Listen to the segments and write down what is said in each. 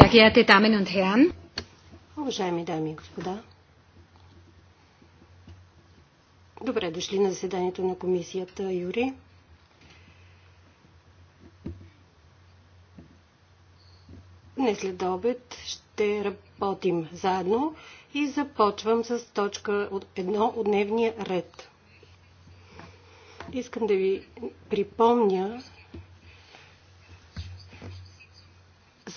Sehr geehrte Damen und Herren. Уважаеми дами и господа. Добре дошли на заседанието на комисията Юри. Днес след обед ще работим заедно и започвам с точка от едно от дневния ред. Искам да ви припомня,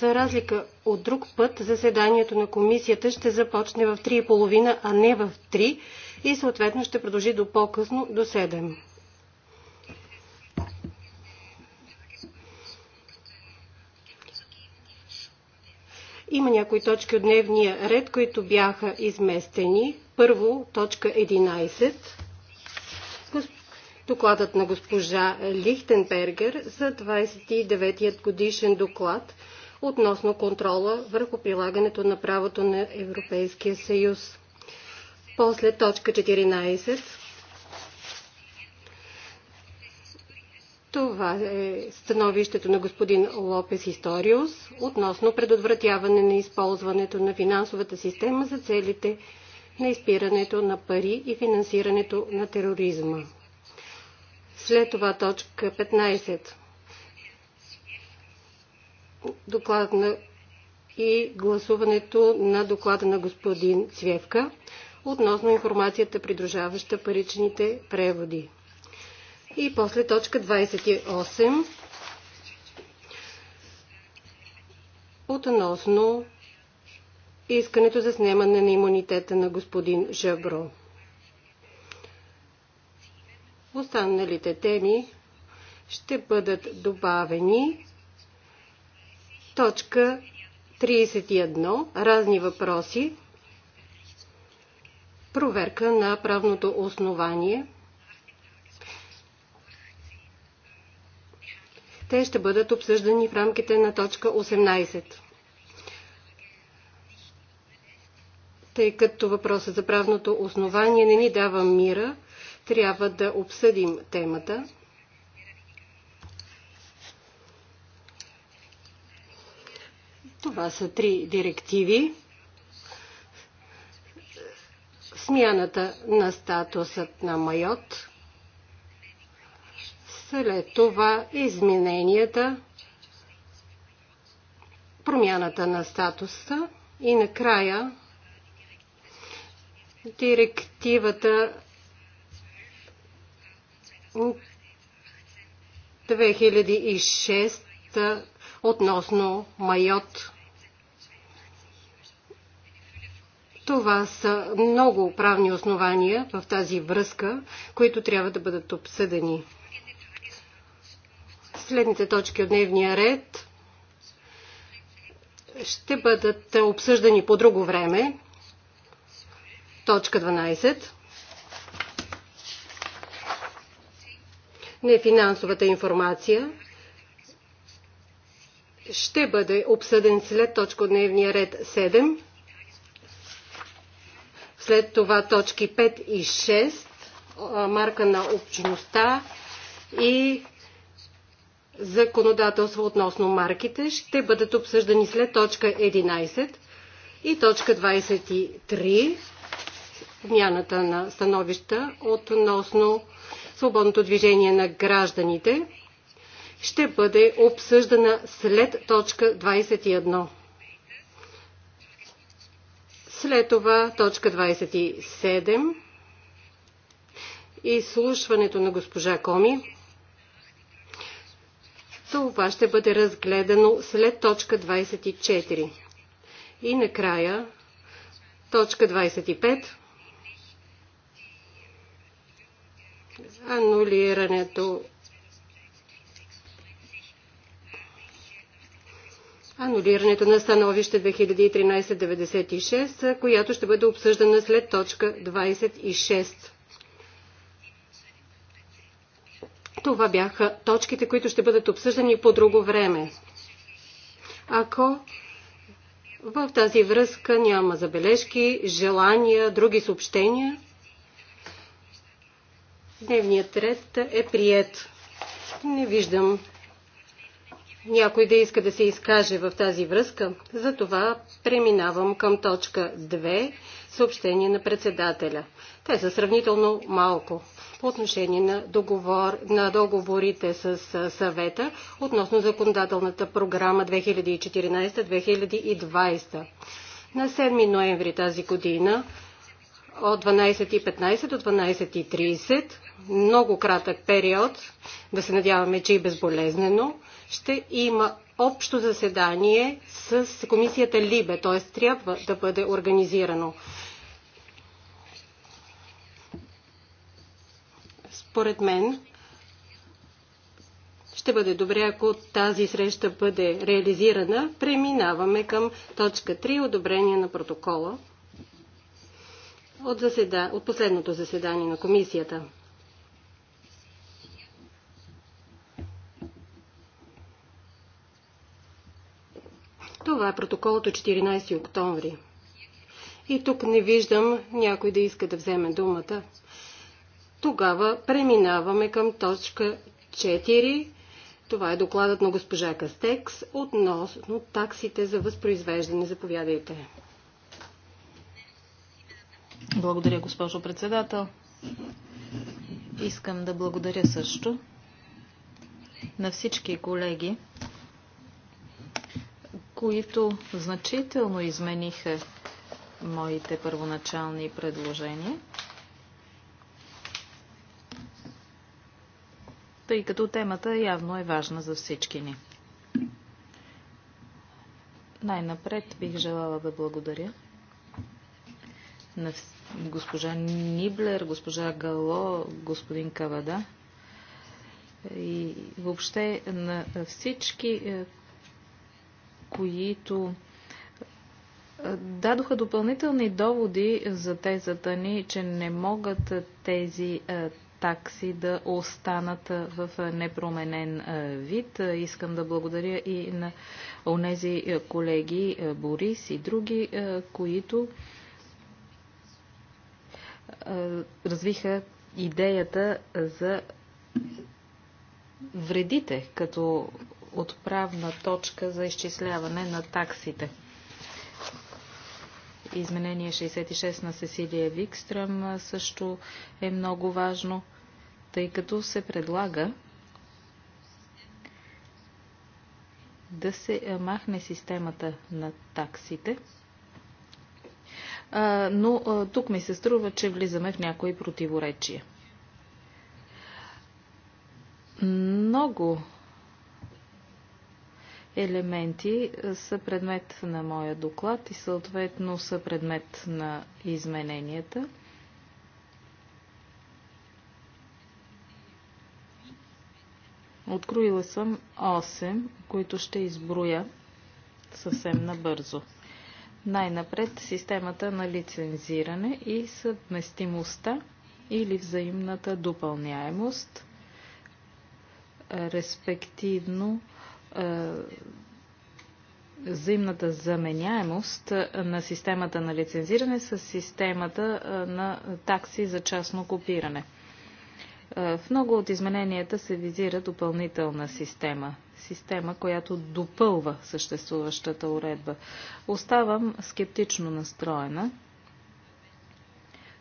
За разлика от друг път, заседанието на комисията ще започне в 3.30, а не в 3 и съответно ще продължи до по-късно, до 7. Има някои точки от дневния ред, които бяха изместени. Първо, точка 11. Докладът на госпожа Лихтенбергер за 29-ят годишен доклад – относно контрола върху прилагането на правото на Европейския съюз. После точка 14. Това е становището на господин Лопес Историус относно предотвратяване на използването на финансовата система за целите на изпирането на пари и финансирането на тероризма. След това точка 15 доклада на и гласуването на доклада на господин Цвевка относно информацията, придружаваща паричните преводи. И после точка 28 относно искането за снемане на имунитета на господин Жабро. Останалите теми ще бъдат добавени Точка 31. Разни въпроси. Проверка на правното основание. Те ще бъдат обсъждани в рамките на точка 18. Тъй като въпросът за правното основание не ни дава мира, трябва да обсъдим темата. Това са три директиви. Смяната на статусът на майот. След това измененията, промяната на статуса и накрая директивата 2006 относно майот Това са много правни основания в тази връзка, които трябва да бъдат обсъдени. Следните точки от дневния ред ще бъдат обсъждани по друго време. Точка 12. Нефинансовата информация ще бъде обсъден след точка от дневния ред 7. След това точки 5 и 6, марка на общността и законодателство относно марките ще бъдат обсъждани след точка 11 и точка 23, вмяната на становища относно свободното движение на гражданите, ще бъде обсъждана след точка 21. След това точка 27. Изслушването на госпожа Коми. Това ще бъде разгледано след точка 24. И накрая точка 25. Анулирането анулирането на становище 2013-96, която ще бъде обсъждана след точка 26. Това бяха точките, които ще бъдат обсъждани по друго време. Ако в тази връзка няма забележки, желания, други съобщения, дневният ред е прият. Не виждам някой да иска да се изкаже в тази връзка. Затова преминавам към точка 2 съобщение на председателя. Те са сравнително малко по отношение на, договор, на договорите с съвета относно законодателната програма 2014-2020. На 7 ноември тази година от 12.15 до 12.30, много кратък период, да се надяваме, че и безболезнено, ще има общо заседание с комисията Либе, т.е. трябва да бъде организирано. Според мен ще бъде добре, ако тази среща бъде реализирана. Преминаваме към точка 3, одобрение на протокола от, заседа... от последното заседание на комисията. Това е протоколът от 14 октомври. И тук не виждам някой да иска да вземе думата. Тогава преминаваме към точка 4. Това е докладът на госпожа Кастекс относно таксите за възпроизвеждане. Заповядайте. Благодаря, госпожо председател. Искам да благодаря също на всички колеги които значително измениха моите първоначални предложения, тъй като темата явно е важна за всички ни. Най-напред бих желала да благодаря на госпожа Ниблер, госпожа Гало, господин Кавада и въобще на всички е, които дадоха допълнителни доводи за тезата ни, че не могат тези такси да останат в непроменен вид. Искам да благодаря и на онези колеги Борис и други, които развиха идеята за вредите като отправна точка за изчисляване на таксите. Изменение 66 на Сесилия Викстрем също е много важно, тъй като се предлага да се махне системата на таксите. Но тук ми се струва, че влизаме в някои противоречия. Много елементи са предмет на моя доклад и съответно са предмет на измененията. Откроила съм 8, които ще изброя съвсем набързо. Най-напред системата на лицензиране и съвместимостта или взаимната допълняемост, респективно е, взаимната заменяемост е, на системата на лицензиране с системата е, на такси за частно копиране. В много от измененията се визира допълнителна система. Система, която допълва съществуващата уредба. Оставам скептично настроена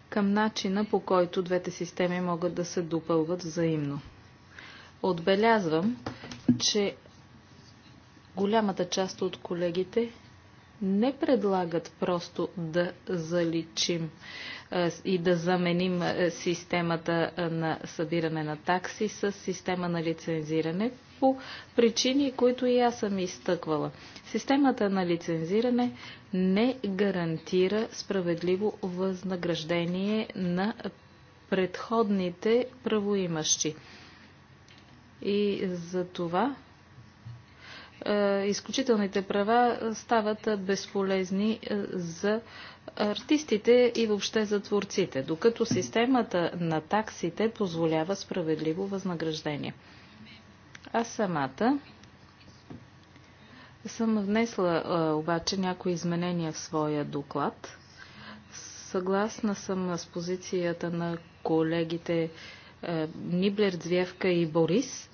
към начина по който двете системи могат да се допълват взаимно. Отбелязвам, че Голямата част от колегите не предлагат просто да заличим и да заменим системата на събиране на такси с система на лицензиране по причини, които и аз съм изтъквала. Системата на лицензиране не гарантира справедливо възнаграждение на предходните правоимащи. И за това е, изключителните права стават безполезни е, за артистите и въобще за творците, докато системата на таксите позволява справедливо възнаграждение. Аз самата съм внесла е, обаче някои изменения в своя доклад. Съгласна съм с позицията на колегите Ниблер, Звевка и Борис,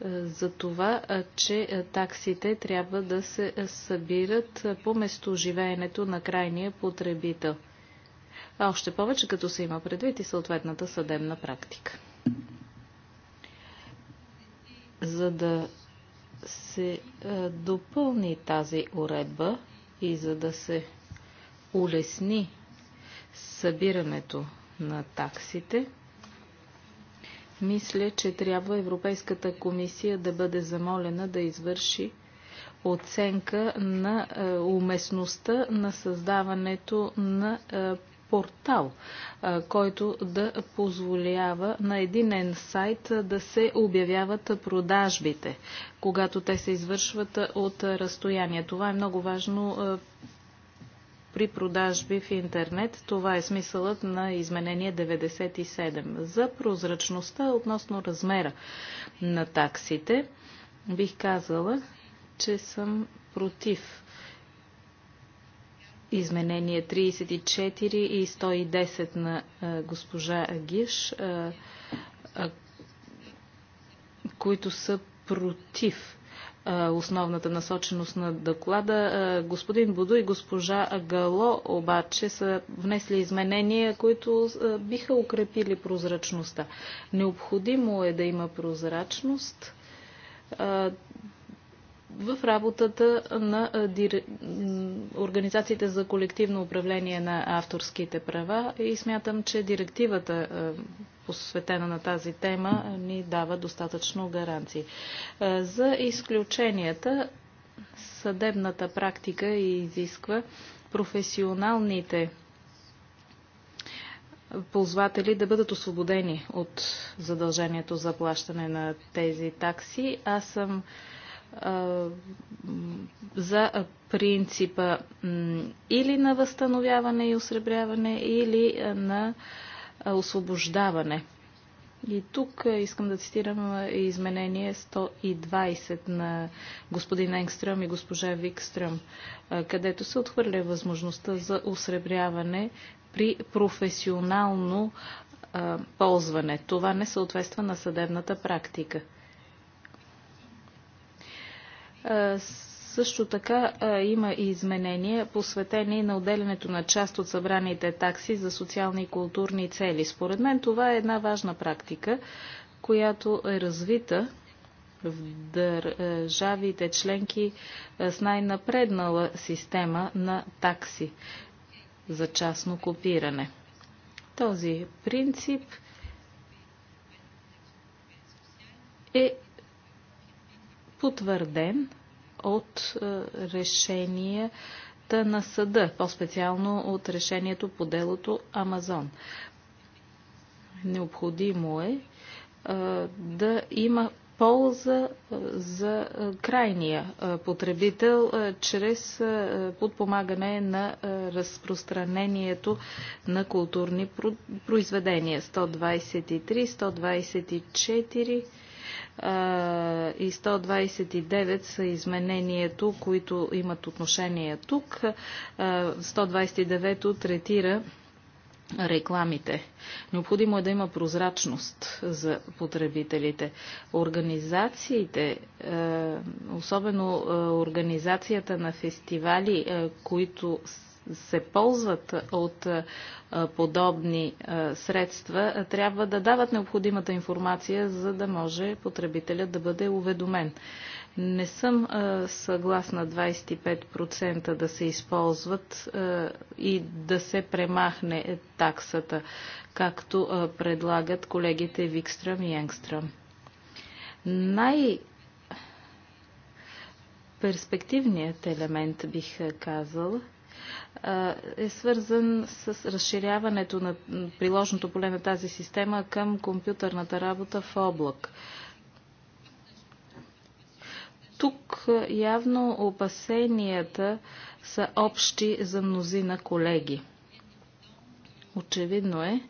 е, за това, е, че е, таксите трябва да се събират по местоживеенето на крайния потребител. А още повече, като се има предвид и съответната съдебна практика. За да се допълни тази уредба и за да се улесни събирането на таксите, мисля, че трябва Европейската комисия да бъде замолена да извърши оценка на е, уместността на създаването на е, портал, е, който да позволява на единен сайт да се обявяват продажбите, когато те се извършват от разстояние. Това е много важно при продажби в интернет. Това е смисълът на изменение 97. За прозрачността относно размера на таксите, бих казала, че съм против изменение 34 и 110 на госпожа Агиш, които са против основната насоченост на доклада. Господин Будо и госпожа Гало обаче са внесли изменения, които биха укрепили прозрачността. Необходимо е да има прозрачност в работата на организациите за колективно управление на авторските права и смятам, че директивата посветена на тази тема ни дава достатъчно гаранции. За изключенията съдебната практика изисква професионалните ползватели да бъдат освободени от задължението за плащане на тези такси. Аз съм за принципа или на възстановяване и осребряване, или на освобождаване. И тук искам да цитирам изменение 120 на господин Енгстрем и госпожа Викстрем, където се отхвърля възможността за осребряване при професионално ползване. Това не съответства на съдебната практика. Също така има и изменения, посветени на отделянето на част от събраните такси за социални и културни цели. Според мен това е една важна практика, която е развита в държавите членки с най-напреднала система на такси за частно копиране. Този принцип е потвърден от е, решенията на съда, по-специално от решението по делото Амазон. Необходимо е, е да има полза е, за крайния потребител чрез подпомагане на разпространението на културни произведения. 123, 124 и 129 са изменението, които имат отношение тук. 129 то третира рекламите. Необходимо е да има прозрачност за потребителите. Организациите, е, особено е, организацията на фестивали, е, които се ползват от подобни средства, трябва да дават необходимата информация, за да може потребителят да бъде уведомен. Не съм съгласна 25% да се използват и да се премахне таксата, както предлагат колегите Викстрам и Енгстрам. Най- перспективният елемент, бих казал, е свързан с разширяването на приложното поле на тази система към компютърната работа в облак. Тук явно опасенията са общи за мнозина колеги. Очевидно е,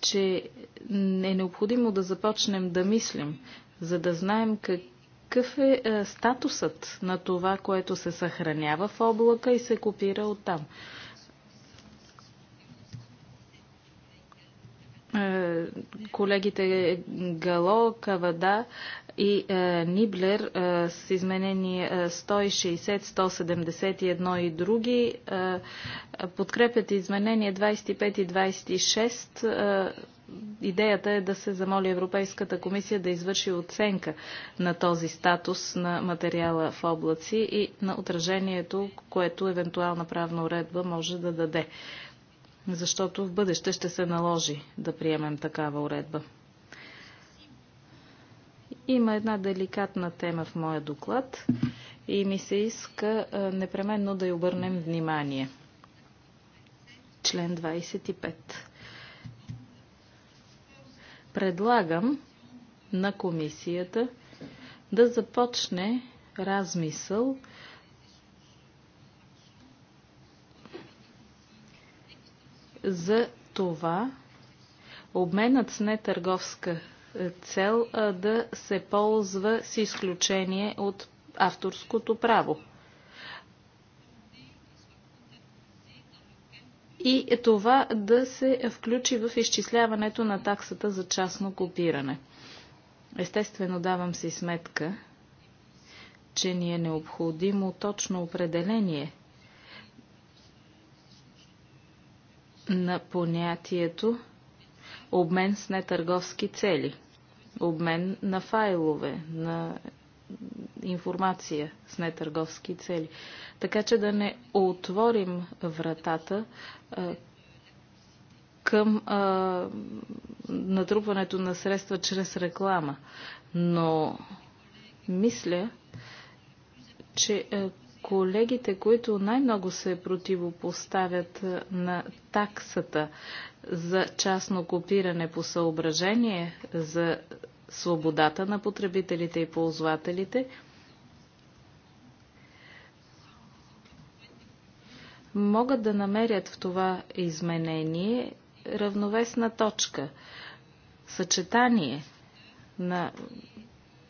че е необходимо да започнем да мислим, за да знаем как какъв е, е статусът на това, което се съхранява в облака и се копира оттам. Е, колегите Гало, Кавада и е, Ниблер с изменени 160, 171 и други подкрепят изменения 25 и 26 идеята е да се замоли Европейската комисия да извърши оценка на този статус на материала в облаци и на отражението, което евентуална правна уредба може да даде. Защото в бъдеще ще се наложи да приемем такава уредба. Има една деликатна тема в моя доклад и ми се иска непременно да й обърнем внимание. Член 25 предлагам на комисията да започне размисъл за това обменът с нетърговска цел да се ползва с изключение от авторското право. и това да се включи в изчисляването на таксата за частно копиране. Естествено давам си сметка, че ни е необходимо точно определение на понятието обмен с нетърговски цели, обмен на файлове, на информация с нетърговски цели. Така че да не отворим вратата към натрупването на средства чрез реклама. Но мисля, че колегите, които най-много се противопоставят на таксата за частно копиране по съображение за свободата на потребителите и ползвателите, могат да намерят в това изменение равновесна точка, съчетание на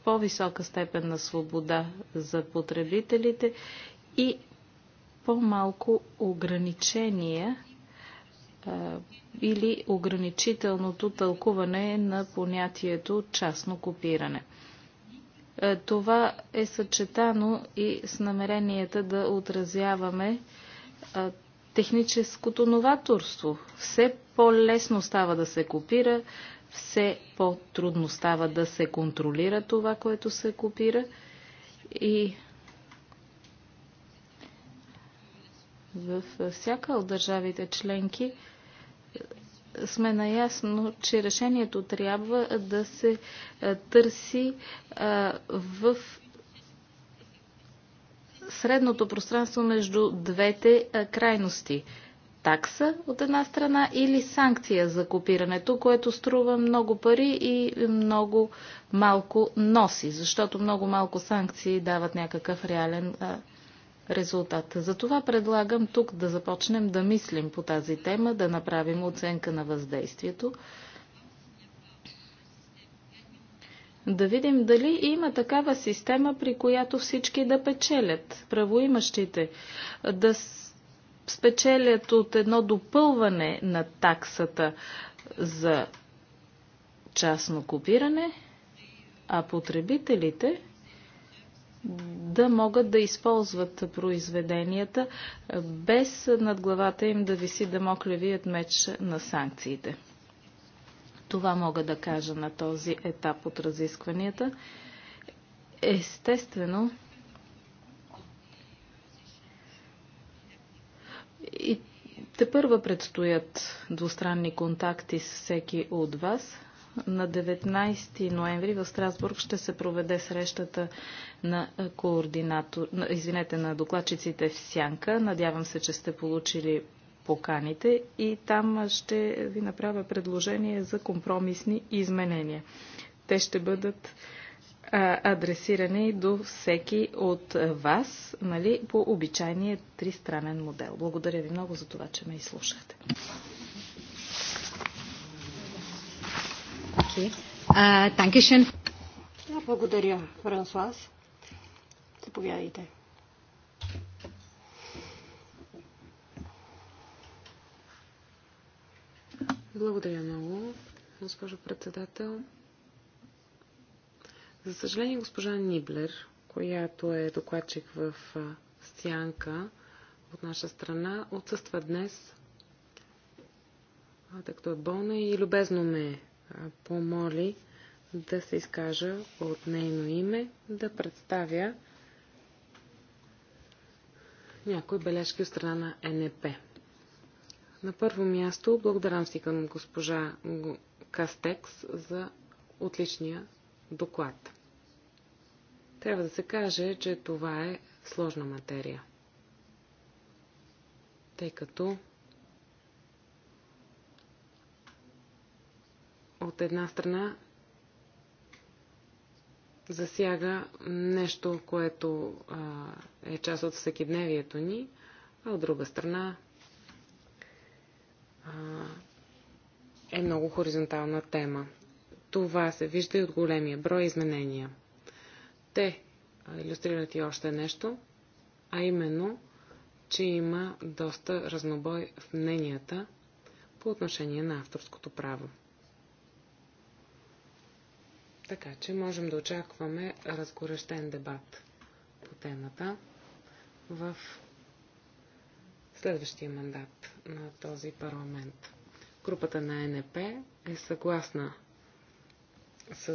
по-висока степен на свобода за потребителите и по-малко ограничения а, или ограничителното тълкуване на понятието частно копиране. Това е съчетано и с намеренията да отразяваме техническото новаторство. Все по-лесно става да се копира, все по-трудно става да се контролира това, което се копира и в всяка от държавите членки сме наясно, че решението трябва да се търси в средното пространство между двете крайности такса от една страна или санкция за копирането, което струва много пари и много малко носи, защото много малко санкции дават някакъв реален резултат. Затова предлагам тук да започнем да мислим по тази тема, да направим оценка на въздействието. да видим дали има такава система, при която всички да печелят, правоимащите, да спечелят от едно допълване на таксата за частно копиране, а потребителите да могат да използват произведенията без над главата им да виси дамоклевият меч на санкциите. Това мога да кажа на този етап от разискванията. Естествено, и те първа предстоят двустранни контакти с всеки от вас. На 19 ноември в Страсбург ще се проведе срещата на, координатор... извинете, на докладчиците в Сянка. Надявам се, че сте получили поканите и там ще ви направя предложение за компромисни изменения. Те ще бъдат адресирани до всеки от вас, нали, по обичайния тристранен модел. Благодаря ви много за това, че ме изслушахте. Okay. Uh, благодаря, Франсуаз. Заповядайте. Благодаря много, госпожо председател. За съжаление, госпожа Ниблер, която е докладчик в Сянка от наша страна, отсъства днес, тъй като е болна и любезно ме помоли да се изкажа от нейно име, да представя някои бележки от страна на НП. На първо място благодарам си към госпожа Кастекс за отличния доклад. Трябва да се каже, че това е сложна материя. Тъй като от една страна засяга нещо, което а, е част от всекидневието ни, а от друга страна е много хоризонтална тема. Това се вижда и от големия брой изменения. Те иллюстрират и още нещо, а именно, че има доста разнобой в мненията по отношение на авторското право. Така че можем да очакваме разгорещен дебат по темата в следващия мандат на този парламент. Групата на НП е съгласна с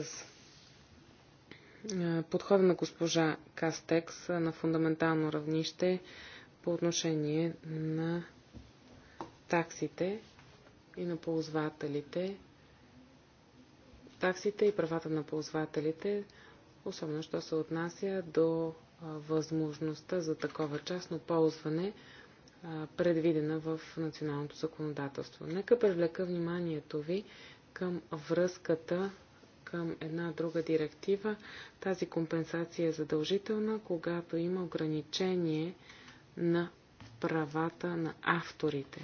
е, подхода на госпожа Кастекс на фундаментално равнище по отношение на таксите и на ползвателите, таксите и правата на ползвателите, особено що се отнася до възможността за такова частно ползване предвидена в националното законодателство. Нека привлека вниманието ви към връзката към една друга директива. Тази компенсация е задължителна, когато има ограничение на правата на авторите.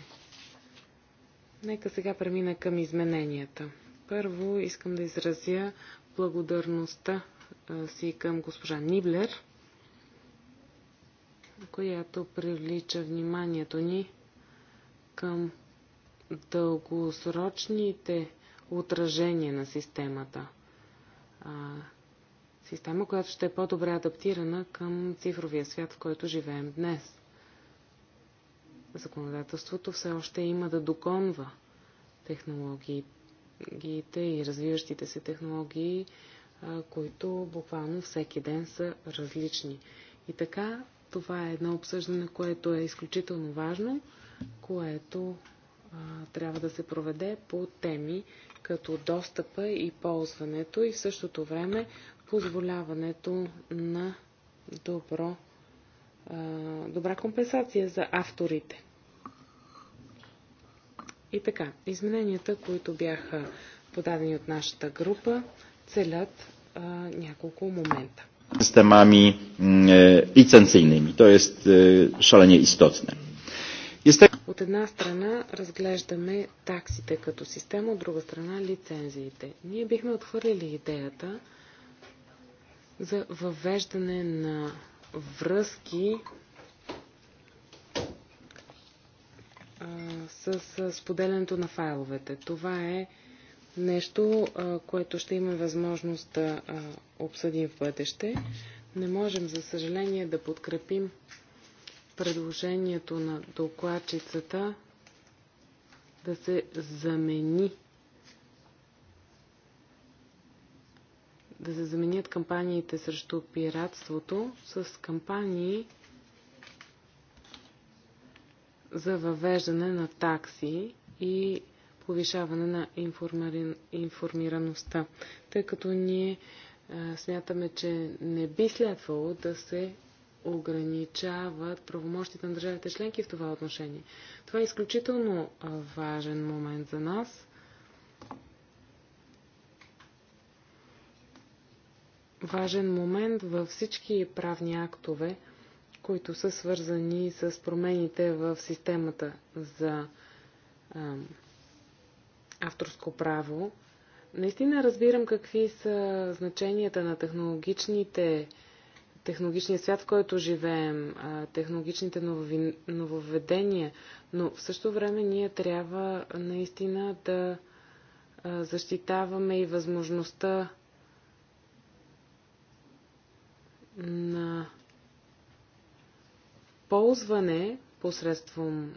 Нека сега премина към измененията. Първо искам да изразя благодарността си към госпожа Ниблер която привлича вниманието ни към дългосрочните отражения на системата. А, система, която ще е по-добре адаптирана към цифровия свят, в който живеем днес. Законодателството все още има да доконва технологиите и развиващите се технологии, които буквално всеки ден са различни. И така това е едно обсъждане, което е изключително важно, което а, трябва да се проведе по теми като достъпа и ползването и в същото време позволяването на добро, а, добра компенсация за авторите. И така, измененията, които бяха подадени от нашата група, целят а, няколко момента systemami mm, e, licencyjnymi. To jest e, szalenie istotne. От една страна разглеждаме таксите като система, от друга страна лицензиите. Ние бихме отхвърлили идеята за въвеждане на връзки а, с, с поделянето на файловете. Това е нещо, което ще имаме възможност да обсъдим в бъдеще. Не можем, за съжаление, да подкрепим предложението на докладчицата да се замени да се заменят кампаниите срещу пиратството с кампании за въвеждане на такси и повишаване на информираността, тъй като ние смятаме, че не би следвало да се ограничават правомощите на държавите членки в това отношение. Това е изключително важен момент за нас. Важен момент във всички правни актове, които са свързани с промените в системата за авторско право. Наистина разбирам какви са значенията на технологичните технологичния свят, в който живеем, технологичните нововведения, но в същото време ние трябва наистина да защитаваме и възможността на ползване посредством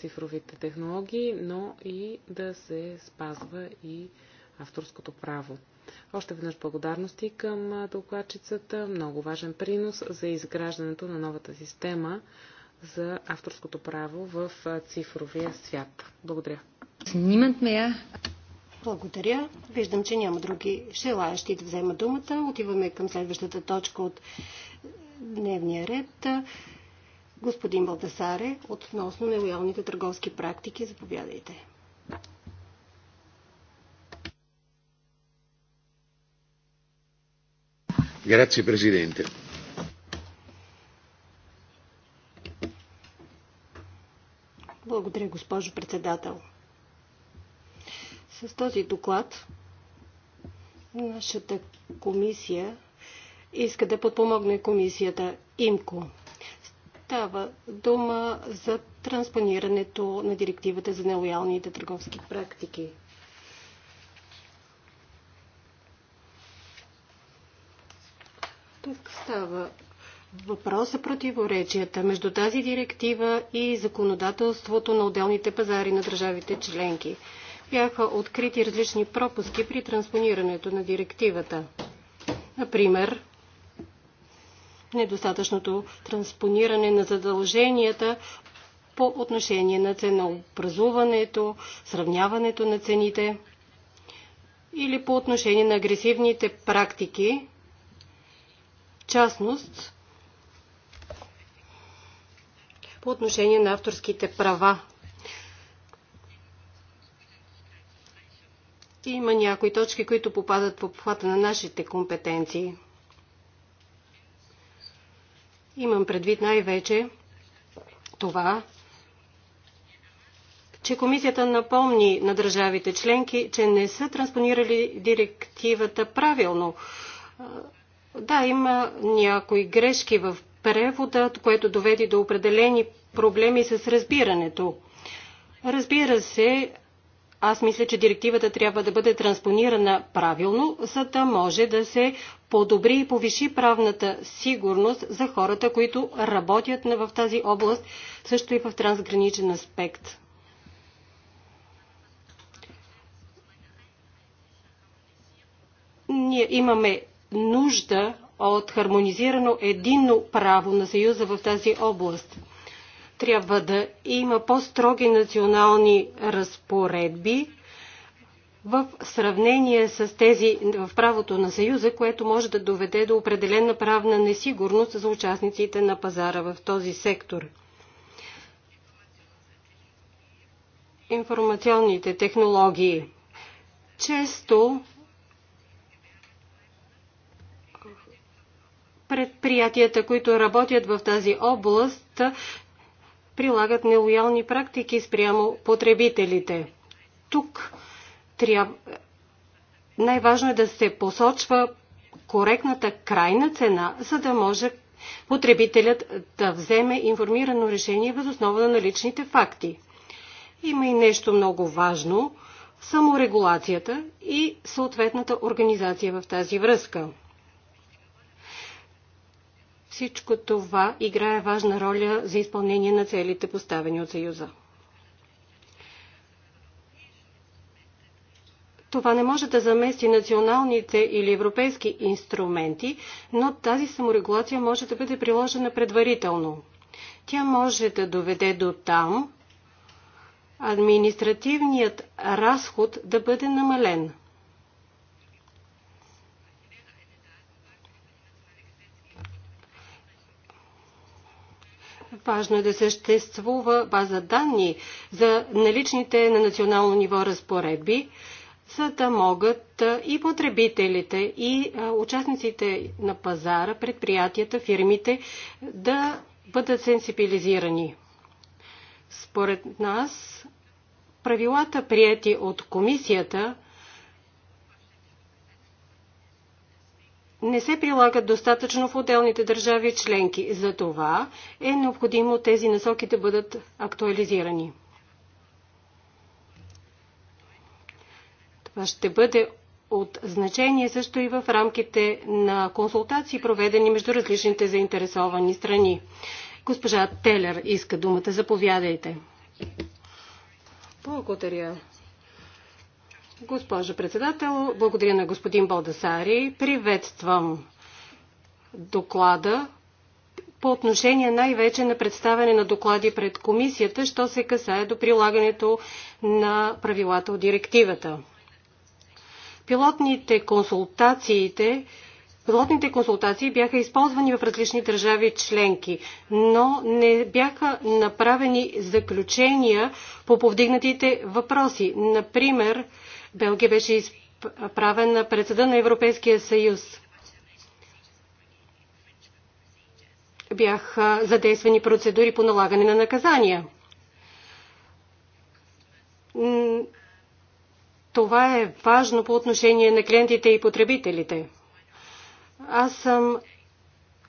цифровите технологии, но и да се спазва и авторското право. Още веднъж благодарности към докладчицата. Много важен принос за изграждането на новата система за авторското право в цифровия свят. Благодаря. Снимат ме. Благодаря. Виждам, че няма други желаящи да взема думата. Отиваме към следващата точка от дневния ред. Господин Балтасаре, относно нелоялните търговски практики, заповядайте. Грация, президенте. Благодаря, госпожо председател. С този доклад нашата комисия иска да подпомогне комисията ИМКО Става дума за транспонирането на директивата за нелоялните търговски практики. Тук става въпрос за противоречията между тази директива и законодателството на отделните пазари на държавите членки. Бяха открити различни пропуски при транспонирането на директивата. Например, недостатъчното транспониране на задълженията по отношение на ценообразуването, сравняването на цените или по отношение на агресивните практики, в частност по отношение на авторските права. Има някои точки, които попадат в обхвата на нашите компетенции. Имам предвид най-вече това, че комисията напомни на държавите членки, че не са транспонирали директивата правилно. Да, има някои грешки в превода, което доведе до определени проблеми с разбирането. Разбира се, аз мисля, че директивата трябва да бъде транспонирана правилно, за да може да се подобри и повиши правната сигурност за хората, които работят в тази област, също и в трансграничен аспект. Ние имаме нужда от хармонизирано единно право на Съюза в тази област. Трябва да има по-строги национални разпоредби, в сравнение с тези в правото на Съюза, което може да доведе до определена правна несигурност за участниците на пазара в този сектор. Информационните технологии. Често предприятията, които работят в тази област, прилагат нелоялни практики спрямо потребителите. Тук трябва... най-важно е да се посочва коректната крайна цена, за да може потребителят да вземе информирано решение въз основа на наличните факти. Има и нещо много важно – саморегулацията и съответната организация в тази връзка. Всичко това играе важна роля за изпълнение на целите, поставени от Съюза. Това не може да замести националните или европейски инструменти, но тази саморегулация може да бъде приложена предварително. Тя може да доведе до там административният разход да бъде намален. Важно е да съществува база данни за наличните на национално ниво разпоредби, за да могат и потребителите, и участниците на пазара, предприятията, фирмите да бъдат сенсибилизирани. Според нас, правилата, прияти от комисията, не се прилагат достатъчно в отделните държави членки. За това е необходимо тези насоки да бъдат актуализирани. ще бъде от значение също и в рамките на консултации, проведени между различните заинтересовани страни. Госпожа Телер иска думата. Заповядайте. Благодаря. Госпожо председател, благодаря на господин Балдасари. Приветствам доклада по отношение най-вече на представяне на доклади пред комисията, що се касае до прилагането на правилата от директивата. Пилотните консултациите Пилотните консултации бяха използвани в различни държави членки, но не бяха направени заключения по повдигнатите въпроси. Например, Белгия беше изправена пред съда на Европейския съюз. Бяха задействани процедури по налагане на наказания това е важно по отношение на клиентите и потребителите. Аз съм.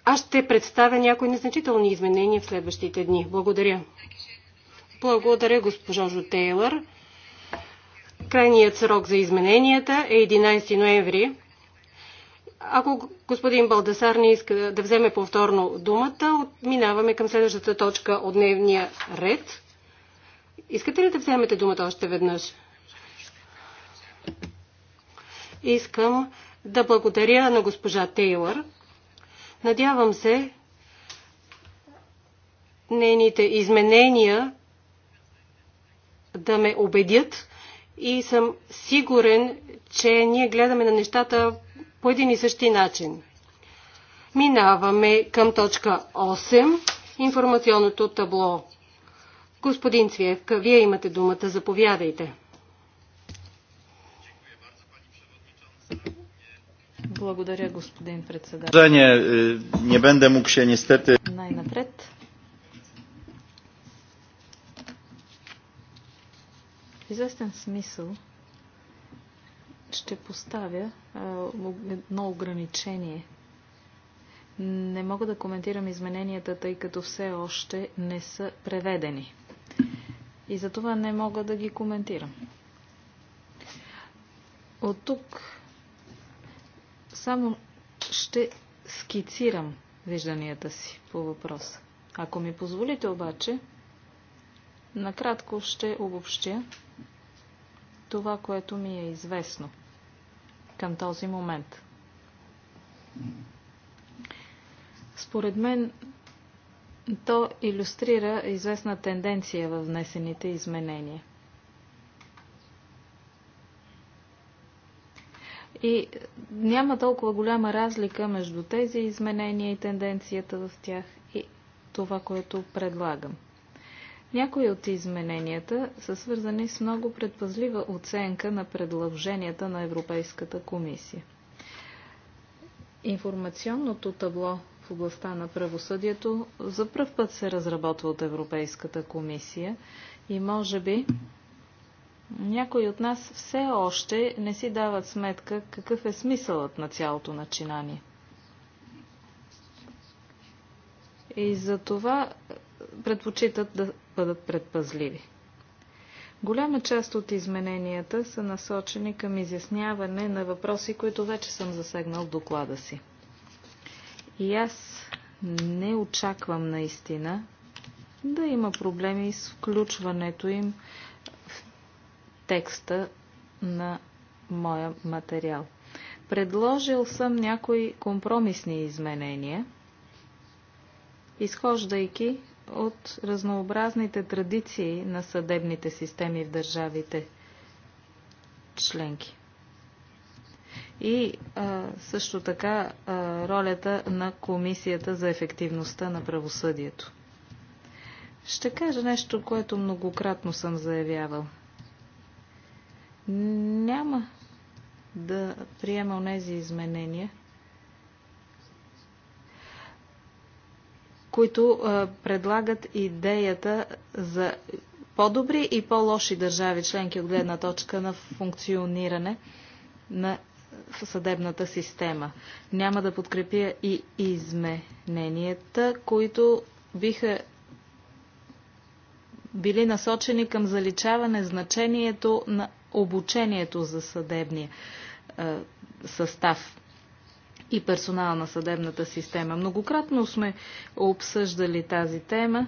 Аз ще представя някои незначителни изменения в следващите дни. Благодаря. Благодаря, госпожо Тейлър. Крайният срок за измененията е 11 ноември. Ако господин Балдасар не иска да вземе повторно думата, минаваме към следващата точка от дневния ред. Искате ли да вземете думата още веднъж? искам да благодаря на госпожа Тейлър. Надявам се, нейните изменения да ме убедят и съм сигурен, че ние гледаме на нещата по един и същи начин. Минаваме към точка 8 информационното табло. Господин Цвевка, вие имате думата, заповядайте. Благодаря, господин председател. Е, не бенде му кше, стете. Най-напред. В известен смисъл ще поставя е, едно ограничение. Не мога да коментирам измененията, тъй като все още не са преведени. И затова не мога да ги коментирам. От тук само ще скицирам вижданията си по въпроса. Ако ми позволите обаче, накратко ще обобщя това, което ми е известно към този момент. Според мен то иллюстрира известна тенденция в внесените изменения – И няма толкова голяма разлика между тези изменения и тенденцията в тях и това, което предлагам. Някои от измененията са свързани с много предпазлива оценка на предложенията на Европейската комисия. Информационното табло в областта на правосъдието за пръв път се разработва от Европейската комисия и може би някои от нас все още не си дават сметка какъв е смисълът на цялото начинание. И за това е, предпочитат да бъдат предпазливи. Голяма част от измененията са насочени към изясняване на въпроси, които вече съм засегнал в доклада си. И аз не очаквам наистина да има проблеми с включването им текста на моя материал. Предложил съм някои компромисни изменения, изхождайки от разнообразните традиции на съдебните системи в държавите членки. И а, също така а, ролята на Комисията за ефективността на правосъдието. Ще кажа нещо, което многократно съм заявявал – няма да приема тези изменения, които предлагат идеята за по-добри и по-лоши държави членки от гледна точка на функциониране на съдебната система. Няма да подкрепя и измененията, които биха били насочени към заличаване значението на обучението за съдебния състав и персонала на съдебната система. Многократно сме обсъждали тази тема.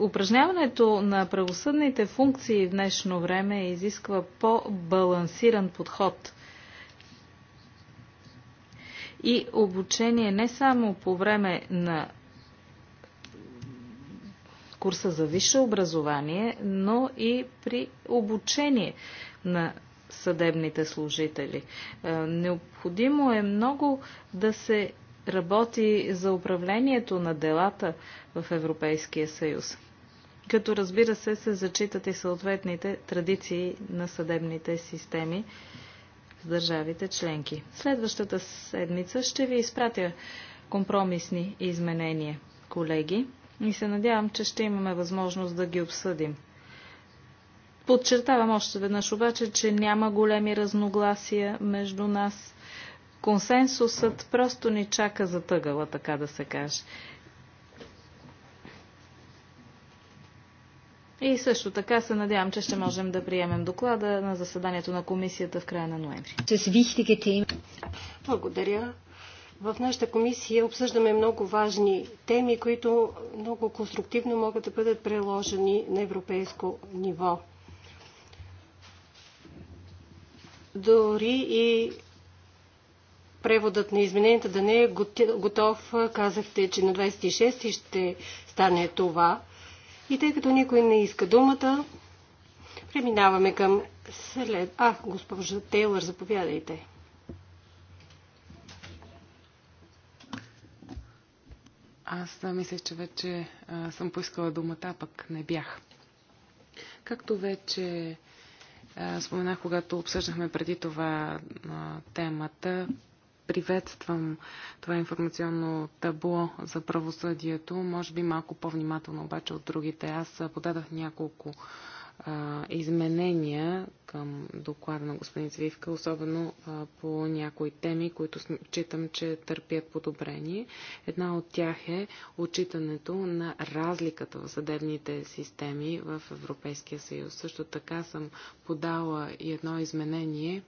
Упражняването на правосъдните функции в днешно време изисква по-балансиран подход и обучение не само по време на курса за висше образование, но и при обучение на съдебните служители. Е, необходимо е много да се работи за управлението на делата в Европейския съюз. Като разбира се, се зачитат и съответните традиции на съдебните системи в държавите членки. Следващата седмица ще ви изпратя компромисни изменения, колеги и се надявам, че ще имаме възможност да ги обсъдим. Подчертавам още веднъж обаче, че няма големи разногласия между нас. Консенсусът просто ни чака за тъгала, така да се каже. И също така се надявам, че ще можем да приемем доклада на заседанието на комисията в края на ноември. Благодаря. В нашата комисия обсъждаме много важни теми, които много конструктивно могат да бъдат преложени на европейско ниво. Дори и преводът на измененията да не е готов, казахте, че на 26 ще стане това. И тъй като никой не иска думата, преминаваме към след... А, госпожа Тейлър, заповядайте. Аз мисля, че вече а, съм поискала думата, а пък не бях. Както вече а, споменах, когато обсъждахме преди това а, темата, приветствам това информационно табло за правосъдието, може би малко по-внимателно обаче от другите. Аз подадах няколко а, изменения към доклада на господин Цвивка, особено а, по някои теми, които читам, че търпят подобрение. Една от тях е отчитането на разликата в съдебните системи в Европейския съюз. Също така съм подала и едно изменение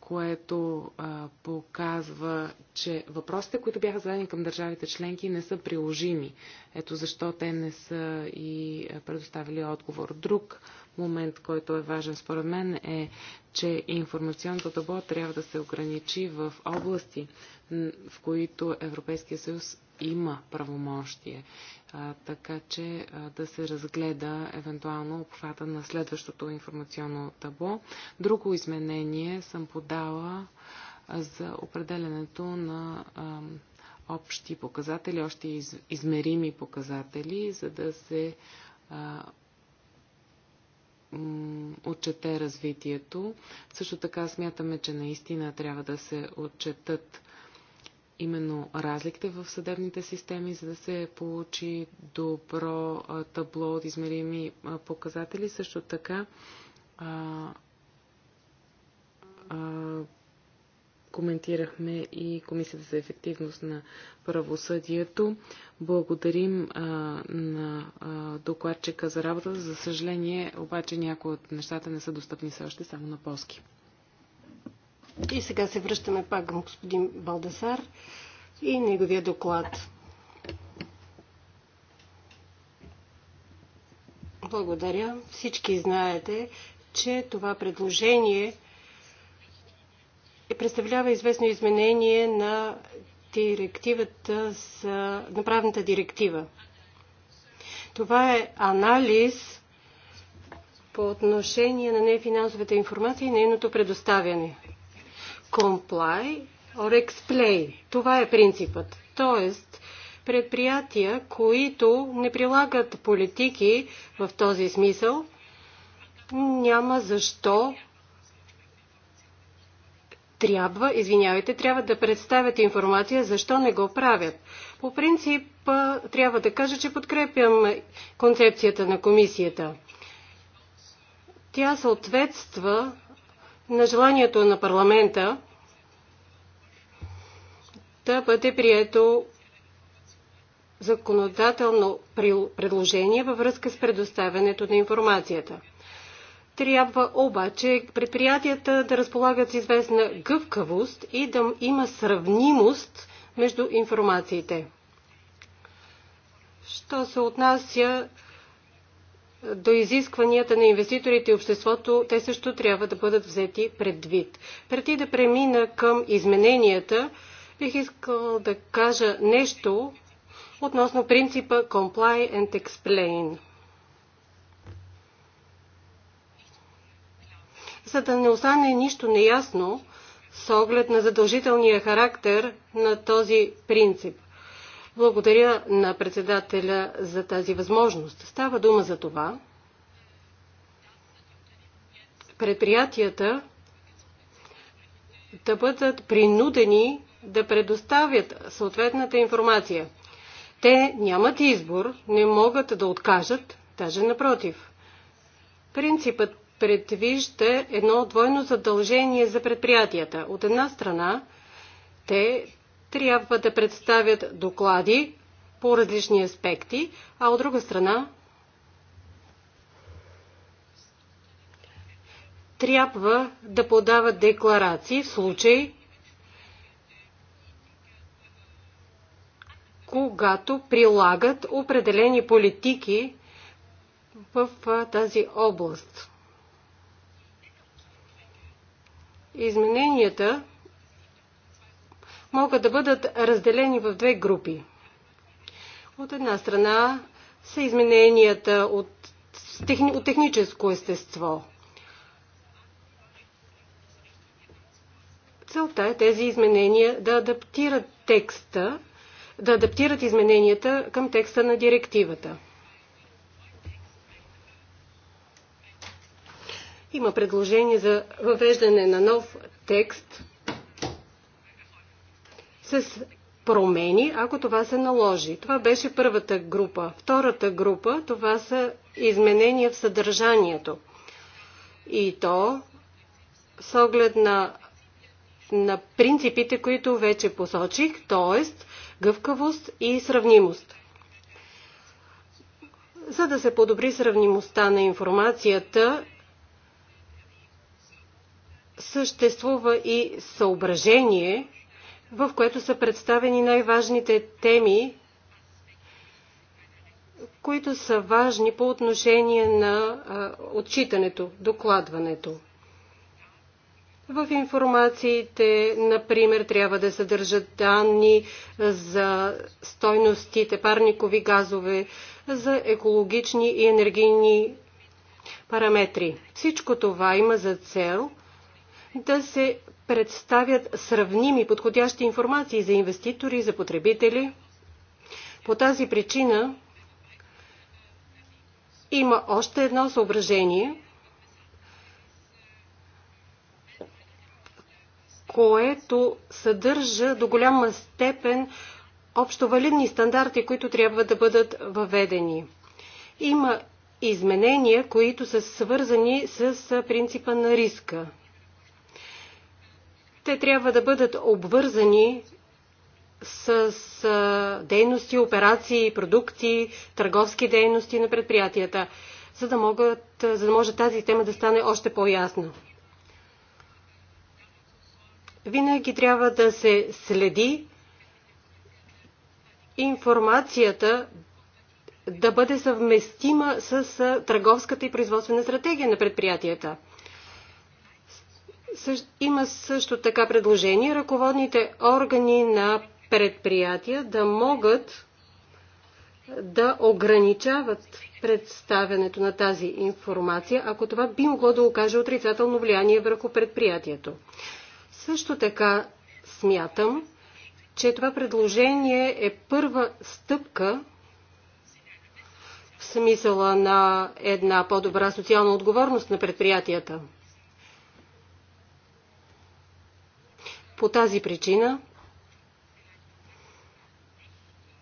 което а, показва, че въпросите, които бяха зададени към държавите членки, не са приложими. Ето защо те не са и предоставили отговор. Друг момент, който е важен според мен е, че информационното табло трябва да се ограничи в области, в които Европейския съюз има правомощие. А, така че а, да се разгледа евентуално обхвата на следващото информационно табло. Друго изменение съм подала а, за определенето на а, общи показатели, още из, измерими показатели, за да се а, отчете развитието. Също така смятаме, че наистина трябва да се отчетат именно разликите в съдебните системи, за да се получи добро табло от измерими показатели. Също така а, а, коментирахме и Комисията за ефективност на правосъдието. Благодарим а, на а, докладчика за работата. За съжаление, обаче някои от нещата не са достъпни все още само на полски. И сега се връщаме пак към господин Балдасар и неговия доклад. Благодаря. Всички знаете, че това предложение представлява известно изменение на директивата за, направната директива. Това е анализ по отношение на нефинансовата информация и нейното предоставяне. Comply or explain. Това е принципът. Тоест, предприятия, които не прилагат политики в този смисъл, няма защо трябва, извинявайте, трябва да представят информация защо не го правят. По принцип трябва да кажа, че подкрепям концепцията на комисията. Тя съответства на желанието на парламента да бъде прието законодателно предложение във връзка с предоставянето на информацията. Трябва обаче предприятията да разполагат с известна гъвкавост и да има сравнимост между информациите. Що се отнася до изискванията на инвеститорите и обществото, те също трябва да бъдат взети предвид. Преди да премина към измененията, бих искал да кажа нещо относно принципа Comply and Explain – за да не остане нищо неясно с оглед на задължителния характер на този принцип. Благодаря на председателя за тази възможност. Става дума за това. Предприятията да бъдат принудени да предоставят съответната информация. Те нямат избор, не могат да откажат, даже напротив. Принципът предвижда едно двойно задължение за предприятията. От една страна, те трябва да представят доклади по различни аспекти, а от друга страна, трябва да подават декларации в случай, когато прилагат определени политики в тази област. Измененията могат да бъдат разделени в две групи. От една страна са измененията от, техни, от техническо естество. Целта е тези изменения да адаптират текста, да адаптират измененията към текста на директивата. Има предложение за въвеждане на нов текст с промени, ако това се наложи. Това беше първата група. Втората група, това са изменения в съдържанието. И то с оглед на, на принципите, които вече посочих, т.е. гъвкавост и сравнимост. За да се подобри сравнимостта на информацията съществува и съображение, в което са представени най-важните теми, които са важни по отношение на отчитането, докладването. В информациите, например, трябва да съдържат данни за стойностите, парникови газове, за екологични и енергийни параметри. Всичко това има за цел – да се представят сравними подходящи информации за инвеститори, за потребители. По тази причина има още едно съображение, което съдържа до голяма степен общовалидни стандарти, които трябва да бъдат въведени. Има изменения, които са свързани с принципа на риска. Те трябва да бъдат обвързани с дейности, операции, продукти, търговски дейности на предприятията, за да, могат, за да може тази тема да стане още по-ясна. Винаги трябва да се следи информацията да бъде съвместима с търговската и производствена стратегия на предприятията – има също така предложение ръководните органи на предприятия да могат да ограничават представянето на тази информация, ако това би могло да окаже отрицателно влияние върху предприятието. Също така смятам, че това предложение е първа стъпка в смисъла на една по-добра социална отговорност на предприятията – По тази причина,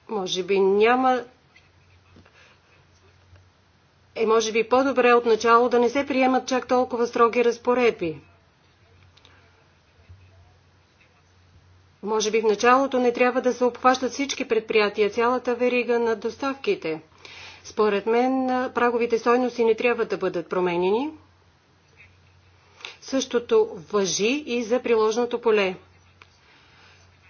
може би няма. Е, може би по-добре от начало да не се приемат чак толкова строги разпоредби. Може би в началото не трябва да се обхващат всички предприятия, цялата верига на доставките. Според мен праговите стойности не трябва да бъдат променени. Същото въжи и за приложното поле.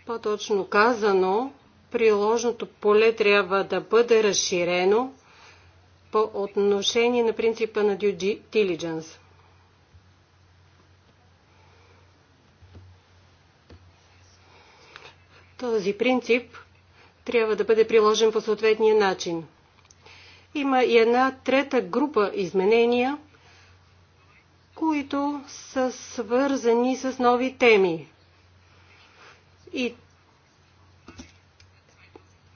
По-точно казано, приложното поле трябва да бъде разширено по отношение на принципа на due diligence. Този принцип трябва да бъде приложен по съответния начин. Има и една трета група изменения, които са свързани с нови теми. И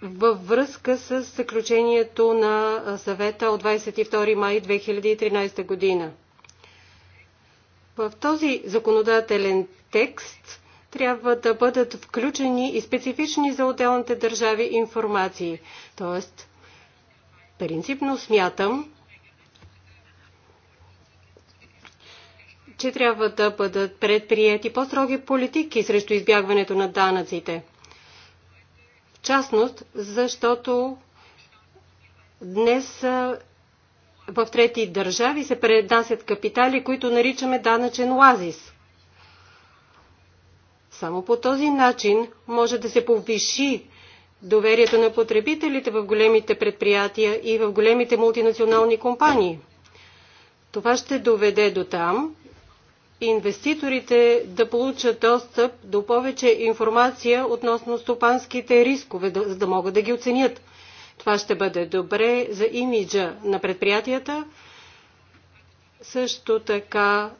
във връзка с заключението на съвета от 22 май 2013 година. В този законодателен текст трябва да бъдат включени и специфични за отделните държави информации. Тоест, принципно смятам, че трябва да бъдат предприяти по-строги политики срещу избягването на данъците. В частност, защото днес в трети държави се предасят капитали, които наричаме данъчен оазис. Само по този начин може да се повиши доверието на потребителите в големите предприятия и в големите мултинационални компании. Това ще доведе до там, инвеститорите да получат достъп до повече информация относно стопанските рискове, за да могат да ги оценят. Това ще бъде добре за имиджа на предприятията, също така,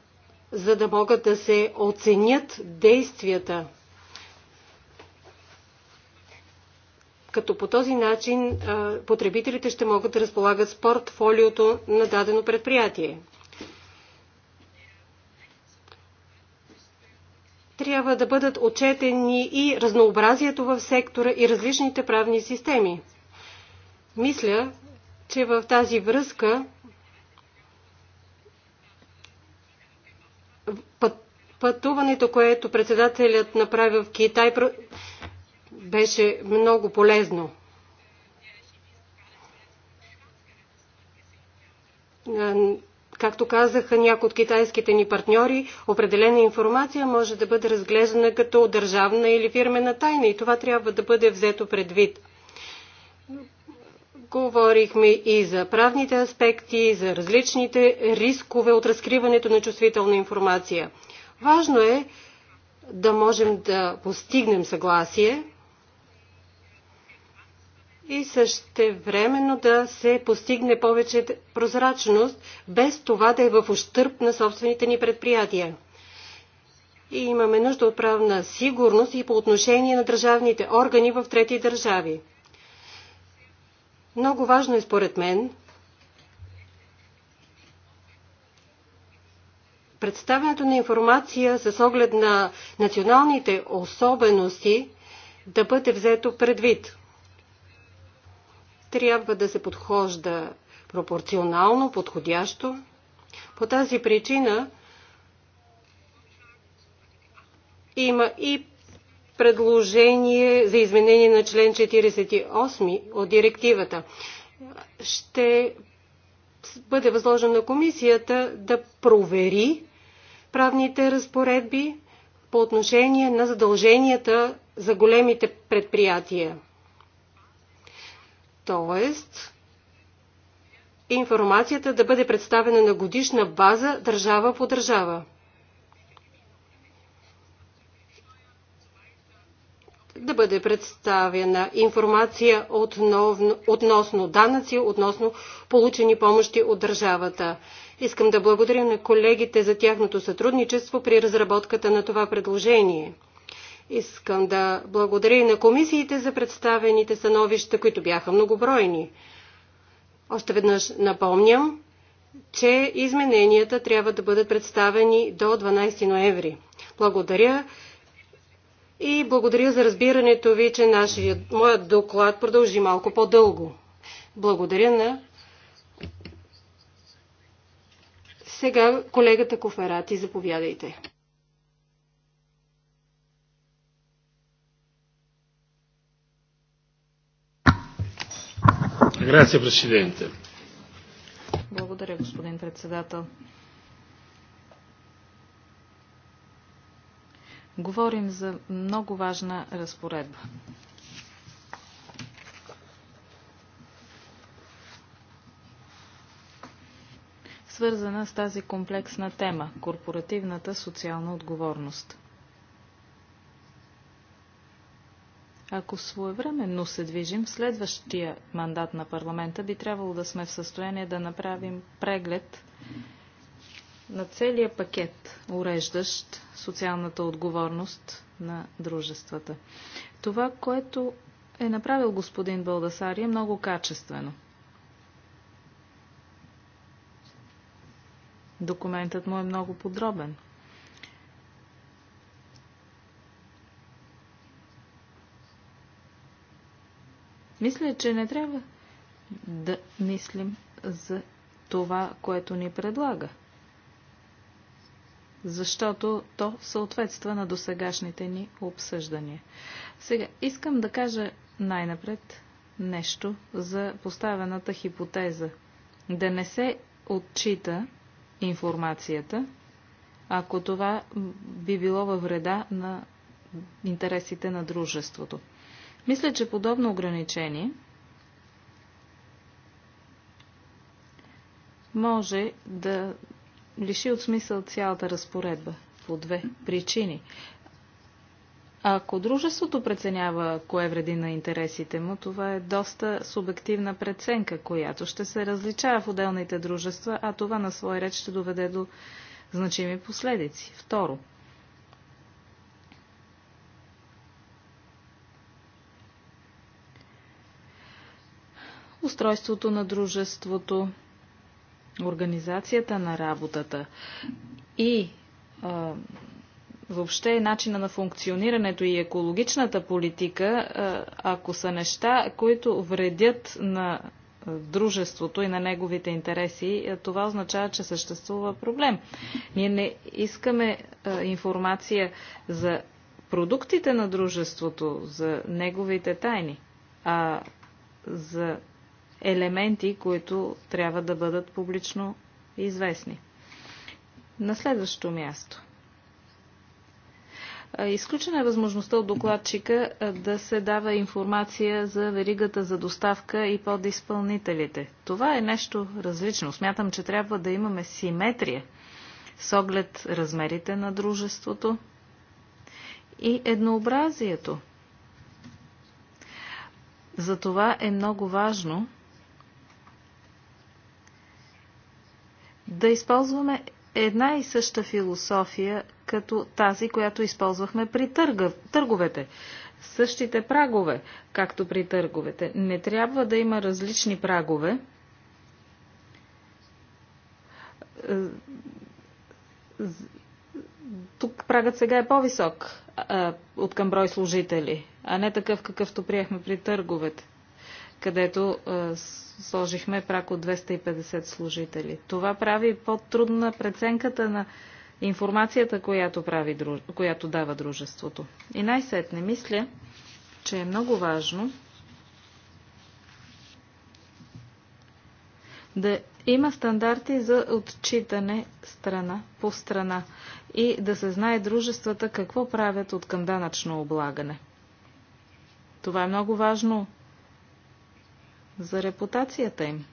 за да могат да се оценят действията. Като по този начин потребителите ще могат да разполагат с портфолиото на дадено предприятие. трябва да бъдат отчетени и разнообразието в сектора и различните правни системи. Мисля, че в тази връзка пътуването, което председателят направи в Китай, беше много полезно. Както казаха някои от китайските ни партньори, определена информация може да бъде разглеждана като държавна или фирмена тайна и това трябва да бъде взето предвид. Говорихме и за правните аспекти, за различните рискове от разкриването на чувствителна информация. Важно е да можем да постигнем съгласие и времено да се постигне повече прозрачност, без това да е в ущърп на собствените ни предприятия. И имаме нужда от правна сигурност и по отношение на държавните органи в трети държави. Много важно е според мен представянето на информация с оглед на националните особености да бъде взето предвид трябва да се подхожда пропорционално, подходящо. По тази причина има и предложение за изменение на член 48 от директивата. Ще бъде възложено на комисията да провери правните разпоредби по отношение на задълженията за големите предприятия. Тоест, информацията да бъде представена на годишна база държава по държава. да бъде представена информация относно, относно данъци, относно получени помощи от държавата. Искам да благодаря на колегите за тяхното сътрудничество при разработката на това предложение. Искам да благодаря и на комисиите за представените становища, които бяха многобройни. Още веднъж напомням, че измененията трябва да бъдат представени до 12 ноември. Благодаря и благодаря за разбирането ви, че нашия, моят доклад продължи малко по-дълго. Благодаря на сега колегата Коферати, заповядайте. Грация, президенте. Благодаря, господин председател. Говорим за много важна разпоредба. свързана с тази комплексна тема – корпоративната социална отговорност. Ако своевременно се движим, в следващия мандат на парламента би трябвало да сме в състояние да направим преглед на целия пакет, уреждащ социалната отговорност на дружествата. Това, което е направил господин Балдасари е много качествено. Документът му е много подробен. Мисля, че не трябва да мислим за това, което ни предлага. Защото то съответства на досегашните ни обсъждания. Сега, искам да кажа най-напред нещо за поставената хипотеза. Да не се отчита информацията, ако това би било във вреда на интересите на дружеството. Мисля, че подобно ограничение може да лиши от смисъл цялата разпоредба по две причини. Ако дружеството преценява кое вреди на интересите му, това е доста субективна преценка, която ще се различава в отделните дружества, а това на свой реч ще доведе до значими последици. Второ, устройството на дружеството, организацията на работата и а, въобще начина на функционирането и екологичната политика, ако са неща, които вредят на дружеството и на неговите интереси, това означава, че съществува проблем. Ние не искаме информация за продуктите на дружеството, за неговите тайни, а за елементи, които трябва да бъдат публично известни. На следващото място. Изключена е възможността от докладчика да се дава информация за веригата за доставка и подизпълнителите. Това е нещо различно. Смятам, че трябва да имаме симетрия с оглед размерите на дружеството и еднообразието. Затова е много важно да използваме една и съща философия, като тази, която използвахме при търгъв, търговете. Същите прагове, както при търговете. Не трябва да има различни прагове. Тук прагът сега е по-висок от към брой служители, а не такъв, какъвто приехме при търговете където сложихме прак от 250 служители. Това прави по-трудна преценката на информацията, която, прави, която дава дружеството. И най-сетне мисля, че е много важно да има стандарти за отчитане страна по страна и да се знае дружествата какво правят от към данъчно облагане. Това е много важно за репутацията им,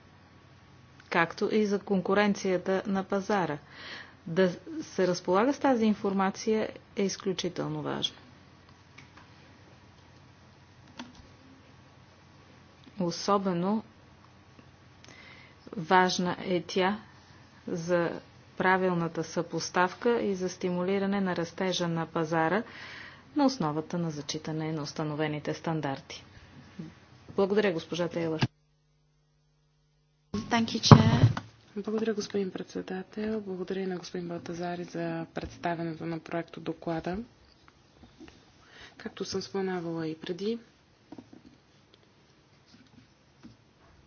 както и за конкуренцията на пазара. Да се разполага с тази информация е изключително важно. Особено важна е тя за правилната съпоставка и за стимулиране на растежа на пазара на основата на зачитане на установените стандарти. Благодаря, госпожа Тейлър. You, Благодаря, господин председател. Благодаря и на господин Балтазари за представенето на проекто доклада. Както съм споменавала и преди,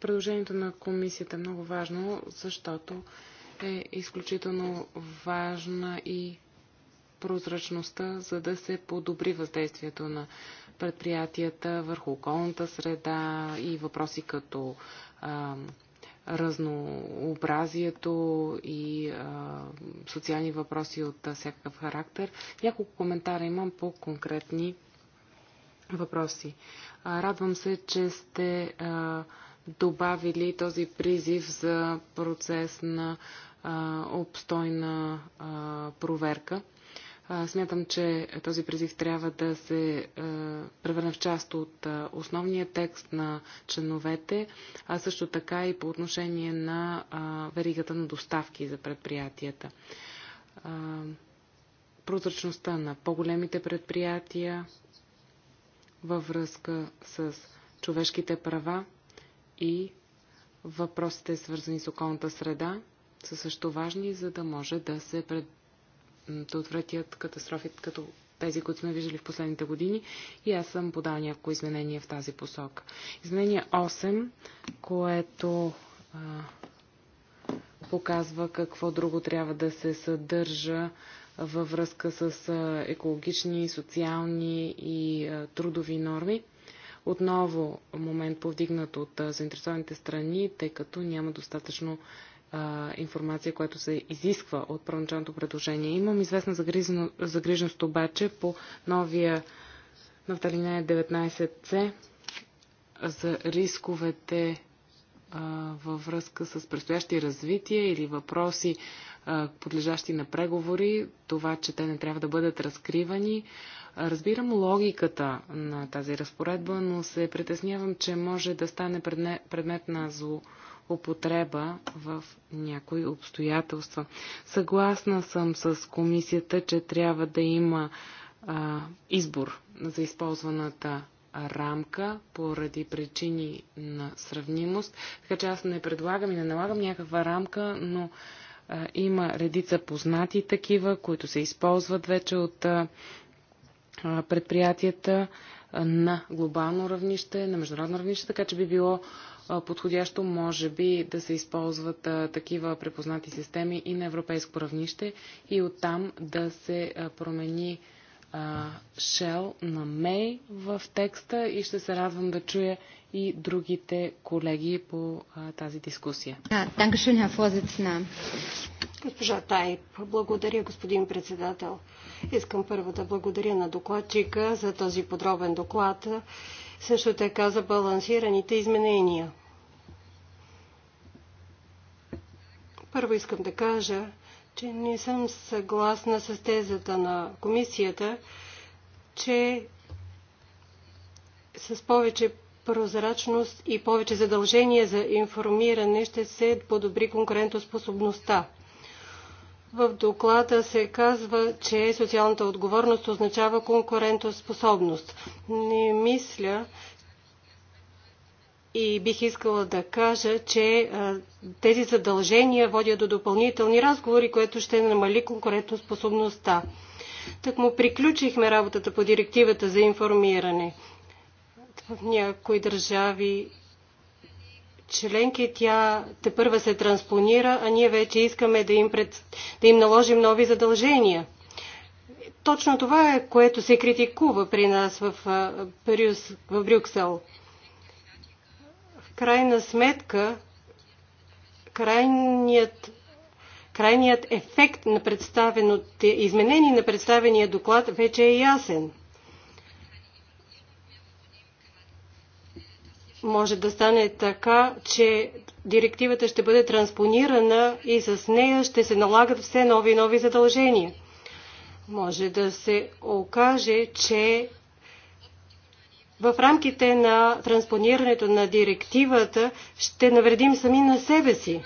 предложението на комисията е много важно, защото е изключително важна и прозрачността, за да се подобри въздействието на предприятията върху околната среда и въпроси като разнообразието и а, социални въпроси от а, всякакъв характер. Няколко коментара имам по конкретни въпроси. А, радвам се, че сте а, добавили този призив за процес на а, обстойна а, проверка смятам, че този призив трябва да се превърне в част от основния текст на членовете, а също така и по отношение на веригата на доставки за предприятията. прозрачността на по-големите предприятия във връзка с човешките права и въпросите, свързани с околната среда, са също важни, за да може да се предприятия да отвратят катастрофи, като тези, които сме виждали в последните години. И аз съм подал някои изменения в тази посока. Изменение 8, което а, показва какво друго трябва да се съдържа във връзка с а, екологични, социални и а, трудови норми. Отново момент повдигнат от заинтересованите страни, тъй като няма достатъчно а, информация, която се изисква от първоначалното предложение. Имам известна загрижено, загриженост обаче по новия новата 19c за рисковете а, във връзка с предстоящи развития или въпроси, а, подлежащи на преговори, това, че те не трябва да бъдат разкривани. Разбирам логиката на тази разпоредба, но се притеснявам, че може да стане предмет на зло употреба в някои обстоятелства. Съгласна съм с комисията, че трябва да има а, избор за използваната рамка поради причини на сравнимост. Така че аз не предлагам и не налагам някаква рамка, но а, има редица познати такива, които се използват вече от а, предприятията на глобално равнище, на международно равнище, така че би било подходящо може би да се използват такива препознати системи и на европейско равнище и оттам да се промени Shell на May в текста и ще се радвам да чуя и другите колеги по тази дискусия. Госпожа Тайп, благодаря, господин председател. Искам първо да благодаря на докладчика за този подробен доклад също така за балансираните изменения. Първо искам да кажа, че не съм съгласна с тезата на комисията, че с повече прозрачност и повече задължения за информиране ще се подобри конкурентоспособността. В доклада се казва, че социалната отговорност означава конкурентоспособност. Не мисля и бих искала да кажа, че тези задължения водят до допълнителни разговори, което ще намали конкурентоспособността. Так му приключихме работата по директивата за информиране. В някои държави членки, тя те първа се транспонира, а ние вече искаме да им, пред, да им наложим нови задължения. Точно това е, което се критикува при нас в, Брюс, в Брюксел. В крайна сметка, крайният крайният ефект на изменение на представения доклад вече е ясен. може да стане така, че директивата ще бъде транспонирана и с нея ще се налагат все нови и нови задължения. Може да се окаже, че в рамките на транспонирането на директивата ще навредим сами на себе си.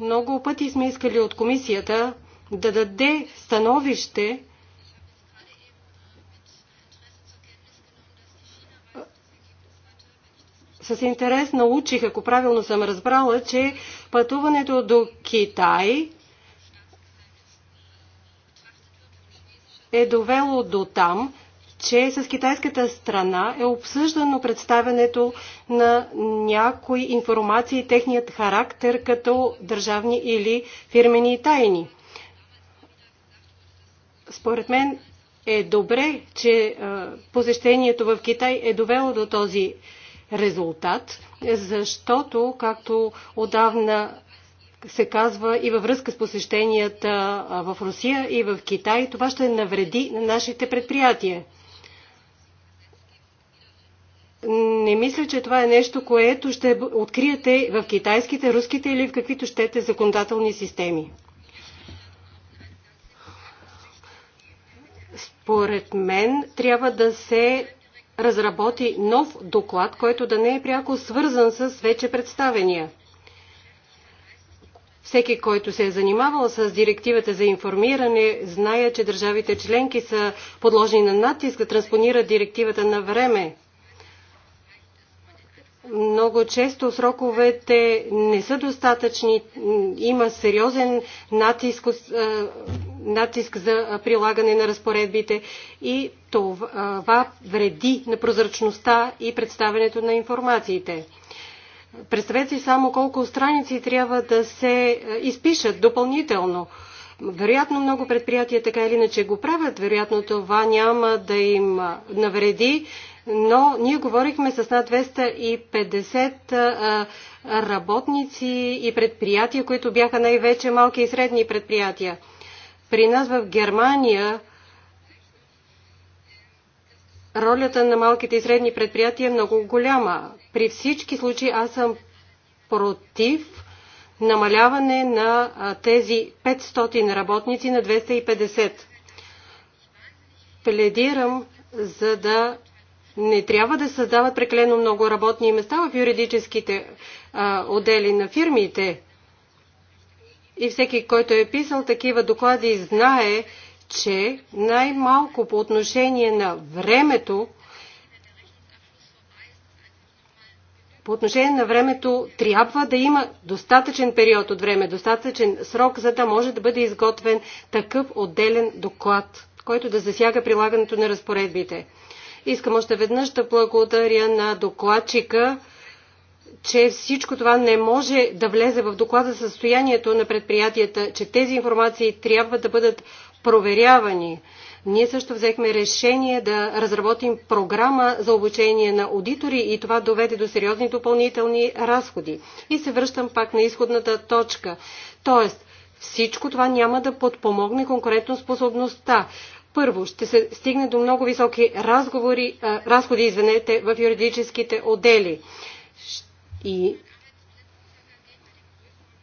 Много пъти сме искали от комисията да даде становище с интерес научих, ако правилно съм разбрала, че пътуването до Китай е довело до там, че с китайската страна е обсъждано представянето на някои информации и техният характер като държавни или фирмени тайни. Според мен е добре, че посещението в Китай е довело до този резултат, защото, както отдавна се казва и във връзка с посещенията в Русия и в Китай, това ще навреди на нашите предприятия. Не мисля, че това е нещо, което ще откриете в китайските, руските или в каквито щете законодателни системи. Според мен трябва да се разработи нов доклад, който да не е пряко свързан с вече представения. Всеки, който се е занимавал с директивата за информиране, знае, че държавите членки са подложени на натиск да транспонират директивата на време много често сроковете не са достатъчни. Има сериозен натиск, е, натиск за прилагане на разпоредбите и това вреди на прозрачността и представянето на информациите. Представете си само колко страници трябва да се е, изпишат допълнително. Вероятно много предприятия така или иначе го правят, вероятно това няма да им е, навреди, но ние говорихме с над 250 работници и предприятия, които бяха най-вече малки и средни предприятия. При нас в Германия ролята на малките и средни предприятия е много голяма. При всички случаи аз съм против намаляване на тези 500 работници на 250. Пледирам за да не трябва да създават прекалено много работни места в юридическите а, отдели на фирмите. И всеки, който е писал такива доклади, знае, че най-малко по отношение на времето, по отношение на времето трябва да има достатъчен период от време, достатъчен срок, за да може да бъде изготвен такъв отделен доклад, който да засяга прилагането на разпоредбите. Искам още веднъж да благодаря на докладчика, че всичко това не може да влезе в доклада за състоянието на предприятията, че тези информации трябва да бъдат проверявани. Ние също взехме решение да разработим програма за обучение на аудитори и това доведе до сериозни допълнителни разходи. И се връщам пак на изходната точка. Тоест, всичко това няма да подпомогне конкурентоспособността. Първо, ще се стигне до много високи разговори, а, разходи извинете, в юридическите отдели. И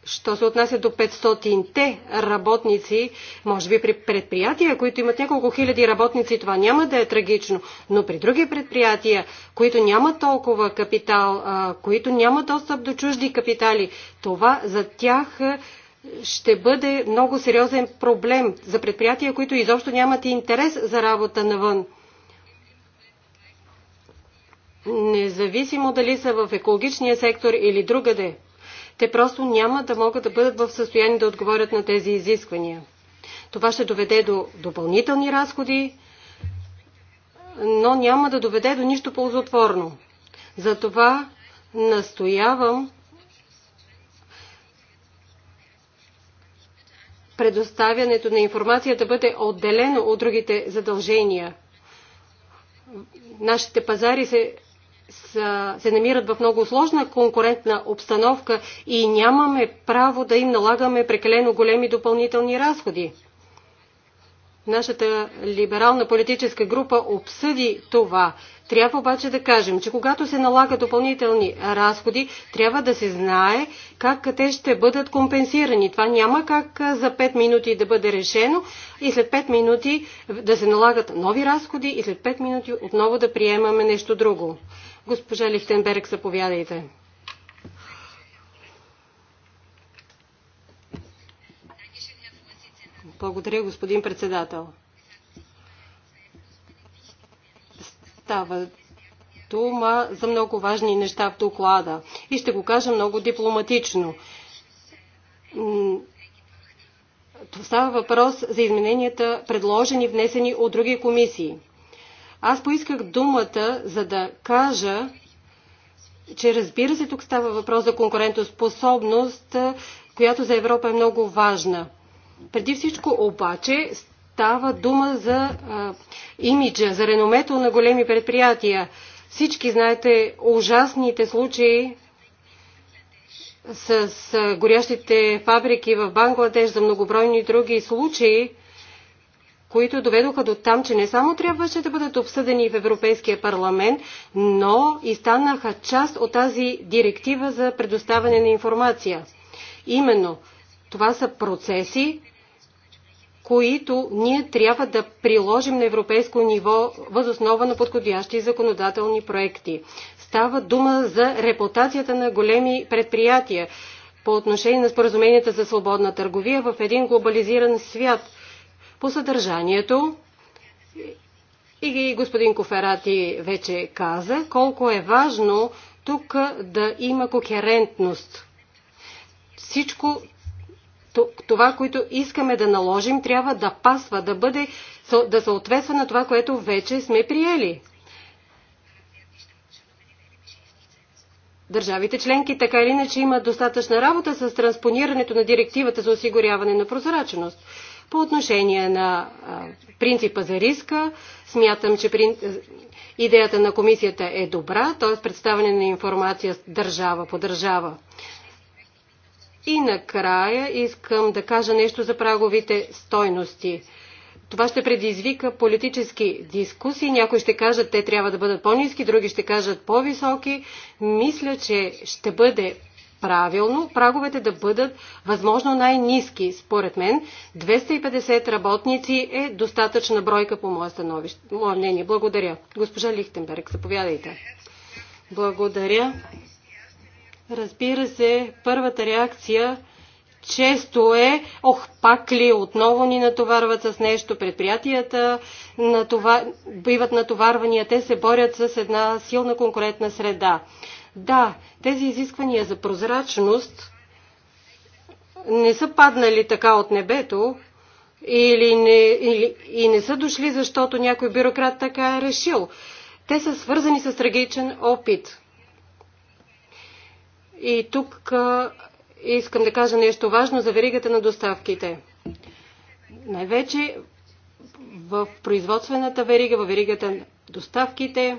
Що се отнася до 500-те работници, може би при предприятия, които имат няколко хиляди работници, това няма да е трагично, но при други предприятия, които нямат толкова капитал, които нямат достъп до чужди капитали, това за тях ще бъде много сериозен проблем за предприятия, които изобщо нямат интерес за работа навън. Независимо дали са в екологичния сектор или другаде, те просто няма да могат да бъдат в състояние да отговорят на тези изисквания. Това ще доведе до допълнителни разходи, но няма да доведе до нищо ползотворно. Затова настоявам предоставянето на информация да бъде отделено от другите задължения. Нашите пазари се, са, се намират в много сложна конкурентна обстановка и нямаме право да им налагаме прекалено големи допълнителни разходи. Нашата либерална политическа група обсъди това. Трябва обаче да кажем, че когато се налагат допълнителни разходи, трябва да се знае как те ще бъдат компенсирани. Това няма как за 5 минути да бъде решено и след 5 минути да се налагат нови разходи и след 5 минути отново да приемаме нещо друго. Госпожа Лихтенберг, заповядайте. Благодаря, господин председател. Става дума за много важни неща в доклада и ще го кажа много дипломатично. Това става въпрос за измененията, предложени, внесени от други комисии. Аз поисках думата, за да кажа, че разбира се, тук става въпрос за конкурентоспособност, която за Европа е много важна. Преди всичко обаче става дума за а, имиджа, за реномето на големи предприятия. Всички знаете ужасните случаи с с горящите фабрики в Бангладеш, за многобройни други случаи, които доведоха до там, че не само трябваше да бъдат обсъдени в Европейския парламент, но и станаха част от тази директива за предоставяне на информация. Именно това са процеси, които ние трябва да приложим на европейско ниво възоснова на подходящи законодателни проекти. Става дума за репутацията на големи предприятия по отношение на споразуменията за свободна търговия в един глобализиран свят. По съдържанието и господин Коферати вече каза колко е важно тук да има кохерентност. Всичко това, което искаме да наложим, трябва да пасва, да бъде, да съответства на това, което вече сме приели. Държавите членки така или иначе имат достатъчна работа с транспонирането на директивата за осигуряване на прозрачност. По отношение на принципа за риска, смятам, че идеята на комисията е добра, т.е. представяне на информация държава по държава. И накрая искам да кажа нещо за праговите стойности. Това ще предизвика политически дискусии. Някои ще кажат, те трябва да бъдат по-низки, други ще кажат по-високи. Мисля, че ще бъде правилно праговете да бъдат възможно най-низки. Според мен 250 работници е достатъчна бройка по мое, становище, мое мнение. Благодаря. Госпожа Лихтенберг, заповядайте. Благодаря. Разбира се, първата реакция често е, ох, пак ли, отново ни натоварват с нещо, предприятията натова... биват натоварвания, те се борят с една силна конкурентна среда. Да, тези изисквания за прозрачност не са паднали така от небето или не, или, и не са дошли, защото някой бюрократ така е решил. Те са свързани с трагичен опит. И тук искам да кажа нещо важно за веригата на доставките. Най-вече в производствената верига, в веригата на доставките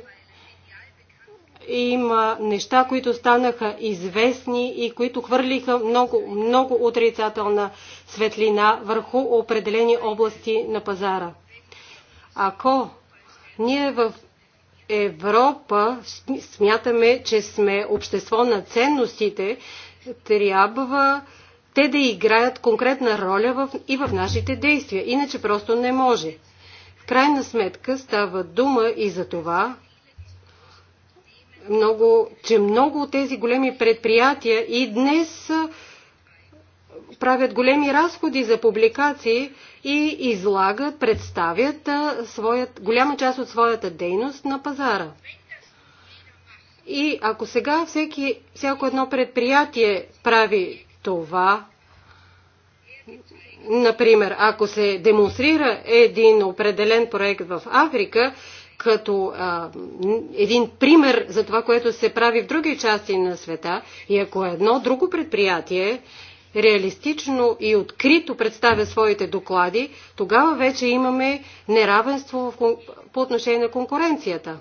има неща, които станаха известни и които хвърлиха много, много отрицателна светлина върху определени области на пазара. Ако ние в Европа смятаме, че сме общество на ценностите, трябва те да играят конкретна роля в, и в нашите действия. Иначе просто не може. В крайна сметка става дума и за това, много, че много от тези големи предприятия и днес правят големи разходи за публикации и излагат, представят своят, голяма част от своята дейност на пазара. И ако сега всеки, всяко едно предприятие прави това, например, ако се демонстрира един определен проект в Африка, като а, един пример за това, което се прави в други части на света, и ако едно друго предприятие реалистично и открито представя своите доклади, тогава вече имаме неравенство по отношение на конкуренцията.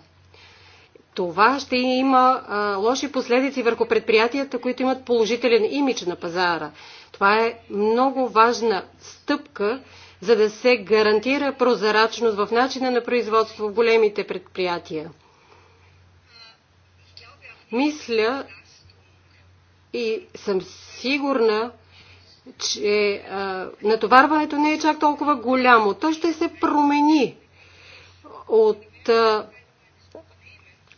Това ще има а, лоши последици върху предприятията, които имат положителен имидж на пазара. Това е много важна стъпка, за да се гарантира прозрачност в начина на производство в големите предприятия. Мисля и съм сигурна, че а, натоварването не е чак толкова голямо. То ще се промени от, а,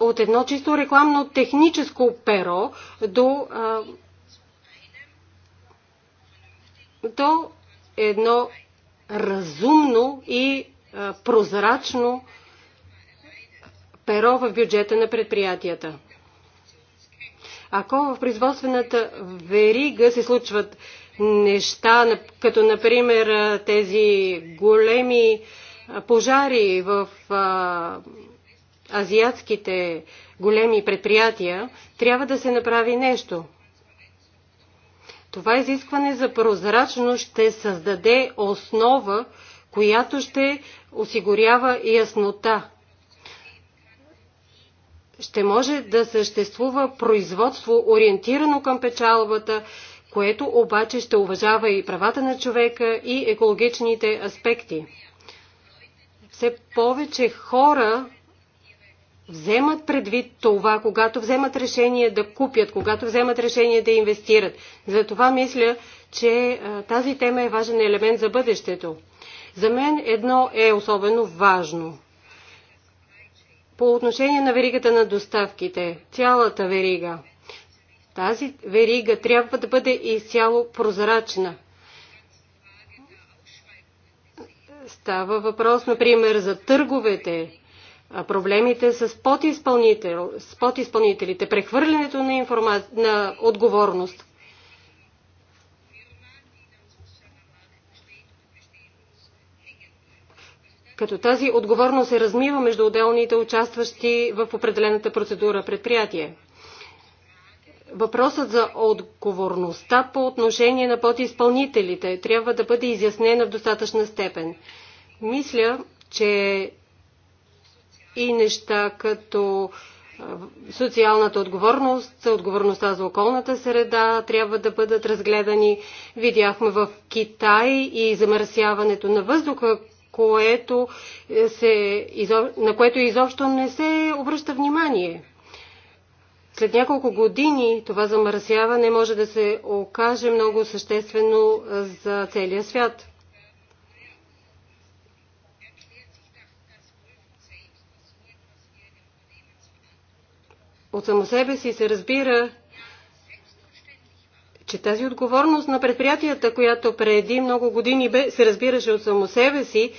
от едно чисто рекламно техническо перо до, а, до едно разумно и а, прозрачно перо в бюджета на предприятията. Ако в производствената верига се случват неща, като например тези големи пожари в азиатските големи предприятия, трябва да се направи нещо. Това изискване за прозрачност ще създаде основа, която ще осигурява яснота. Ще може да съществува производство, ориентирано към печалбата, което обаче ще уважава и правата на човека и екологичните аспекти. Все повече хора вземат предвид това, когато вземат решение да купят, когато вземат решение да инвестират. Затова мисля, че тази тема е важен елемент за бъдещето. За мен едно е особено важно. По отношение на веригата на доставките, цялата верига – тази верига трябва да бъде изцяло прозрачна. Става въпрос, например, за търговете, проблемите с, подизпълнител, с подизпълнителите, прехвърлянето на, информа... на отговорност. Като тази отговорност се размива между отделните участващи в определената процедура предприятие. Въпросът за отговорността по отношение на подизпълнителите трябва да бъде изяснена в достатъчна степен. Мисля, че и неща като социалната отговорност, отговорността за околната среда трябва да бъдат разгледани. Видяхме в Китай и замърсяването на въздуха, което е, се, на което изобщо не се обръща внимание. След няколко години това замърсяване може да се окаже много съществено за целия свят. От само себе си се разбира, че тази отговорност на предприятията, която преди много години бе, се разбираше от само себе си,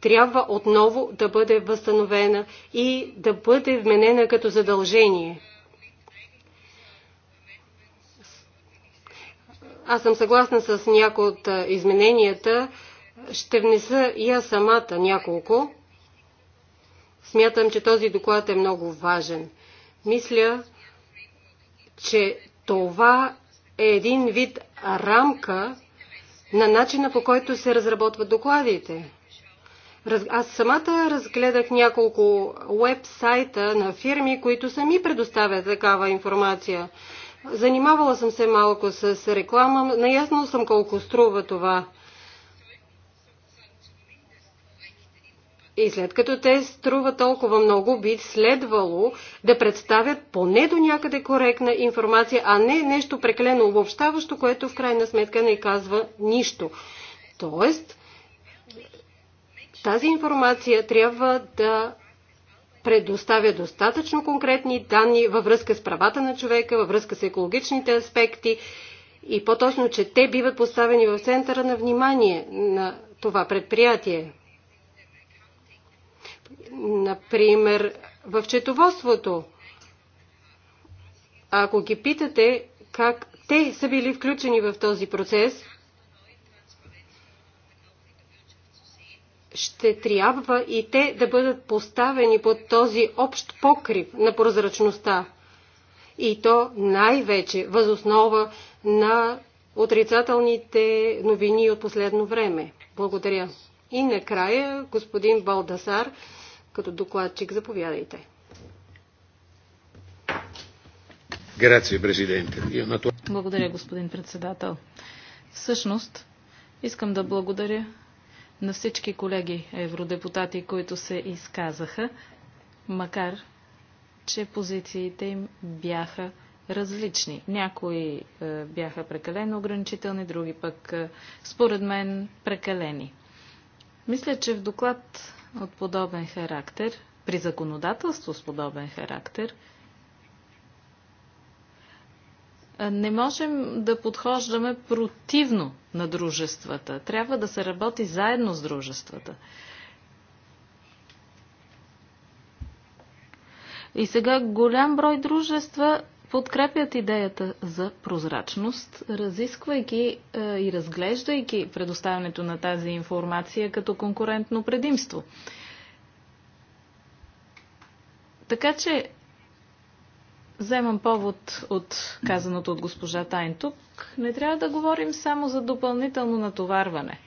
трябва отново да бъде възстановена и да бъде вменена като задължение. Аз съм съгласна с някои от измененията. Ще внеса и аз самата няколко. Смятам, че този доклад е много важен. Мисля, че това е един вид рамка на начина по който се разработват докладите. Аз самата разгледах няколко веб-сайта на фирми, които сами предоставят такава информация. Занимавала съм се малко с реклама. Наясно съм колко струва това. И след като те струват толкова много, би следвало да представят поне до някъде коректна информация, а не нещо прекалено обобщаващо, което в крайна сметка не казва нищо. Тоест, тази информация трябва да предоставя достатъчно конкретни данни във връзка с правата на човека, във връзка с екологичните аспекти и по-точно, че те биват поставени в центъра на внимание на това предприятие. Например, в четоводството, ако ги питате как те са били включени в този процес – ще трябва и те да бъдат поставени под този общ покрив на прозрачността. И то най-вече възоснова на отрицателните новини от последно време. Благодаря. И накрая, господин Балдасар, като докладчик, заповядайте. Благодаря, господин председател. Всъщност, искам да благодаря на всички колеги евродепутати, които се изказаха, макар че позициите им бяха различни. Някои е, бяха прекалено ограничителни, други пък, е, според мен, прекалени. Мисля, че в доклад от подобен характер, при законодателство с подобен характер, не можем да подхождаме противно на дружествата. Трябва да се работи заедно с дружествата. И сега голям брой дружества подкрепят идеята за прозрачност, разисквайки е, и разглеждайки предоставянето на тази информация като конкурентно предимство. Така че Вземам повод от казаното от госпожа Тайн тук. Не трябва да говорим само за допълнително натоварване.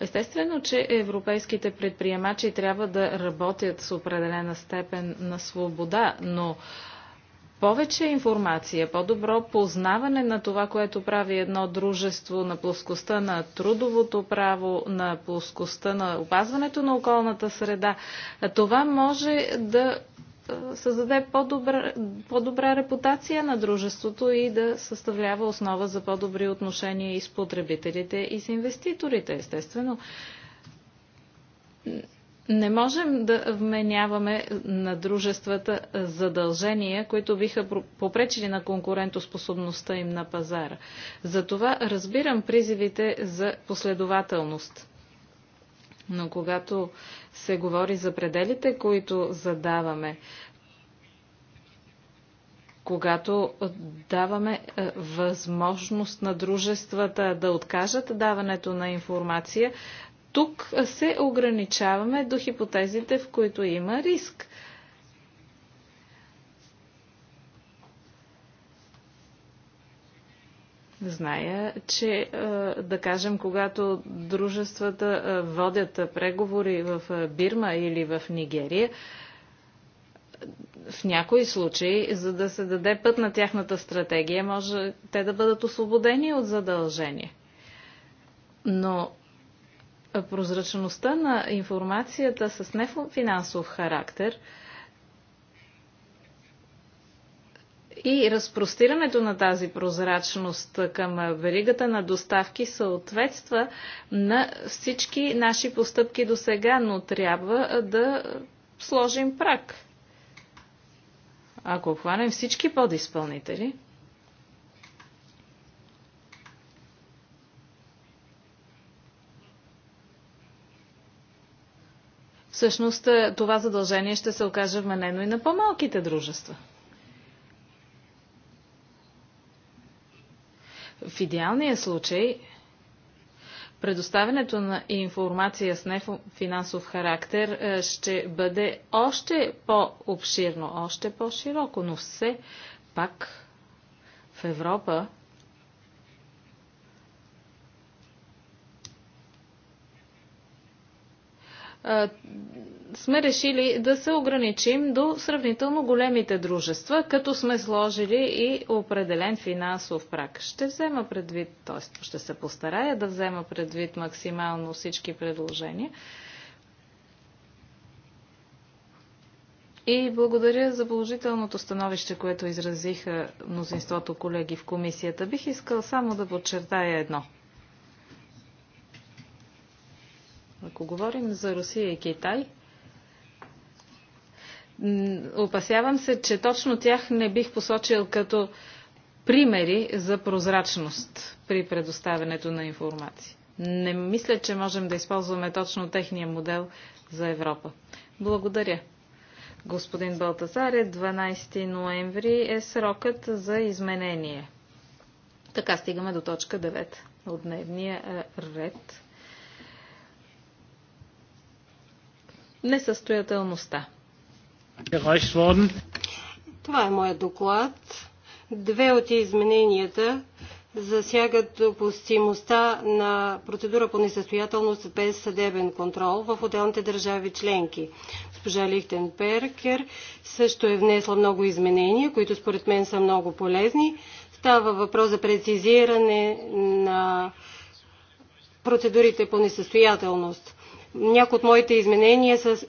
Естествено, че европейските предприемачи трябва да работят с определена степен на свобода, но повече информация, по-добро познаване на това, което прави едно дружество на плоскостта на трудовото право, на плоскостта на опазването на околната среда, това може да създаде по-добра, по-добра репутация на дружеството и да съставлява основа за по-добри отношения и с потребителите, и с инвеститорите, естествено не можем да вменяваме на дружествата задължения, които биха попречили на конкурентоспособността им на пазара. Затова разбирам призивите за последователност. Но когато се говори за пределите, които задаваме, когато даваме е, възможност на дружествата да откажат даването на информация, тук се ограничаваме до хипотезите, в които има риск. Зная, че е, да кажем, когато дружествата е, водят преговори в е, Бирма или в Нигерия, в някои случаи, за да се даде път на тяхната стратегия, може те да бъдат освободени от задължение. Но прозрачността на информацията с нефинансов характер и разпростирането на тази прозрачност към веригата на доставки съответства на всички наши постъпки до сега, но трябва да сложим прак. Ако хванем всички подизпълнители, всъщност е, това задължение ще се окаже вменено и на по-малките дружества. В идеалния случай предоставянето на информация с нефинансов характер е, ще бъде още по-обширно, още по-широко, но все пак в Европа сме решили да се ограничим до сравнително големите дружества, като сме сложили и определен финансов прак. Ще взема предвид, т.е. ще се постарая да взема предвид максимално всички предложения. И благодаря за положителното становище, което изразиха мнозинството колеги в комисията. Бих искал само да подчертая едно – Ако говорим за Русия и Китай, опасявам се, че точно тях не бих посочил като примери за прозрачност при предоставянето на информация. Не мисля, че можем да използваме точно техния модел за Европа. Благодаря. Господин Балтазаре, 12 ноември е срокът за изменение. Така стигаме до точка 9 от дневния е, ред. несъстоятелността. Това е моят доклад. Две от измененията засягат допустимостта на процедура по несъстоятелност без съдебен контрол в отделните държави членки. Госпожа Лихтенперкер също е внесла много изменения, които според мен са много полезни. Става въпрос за прецизиране на процедурите по несъстоятелност някои от моите изменения са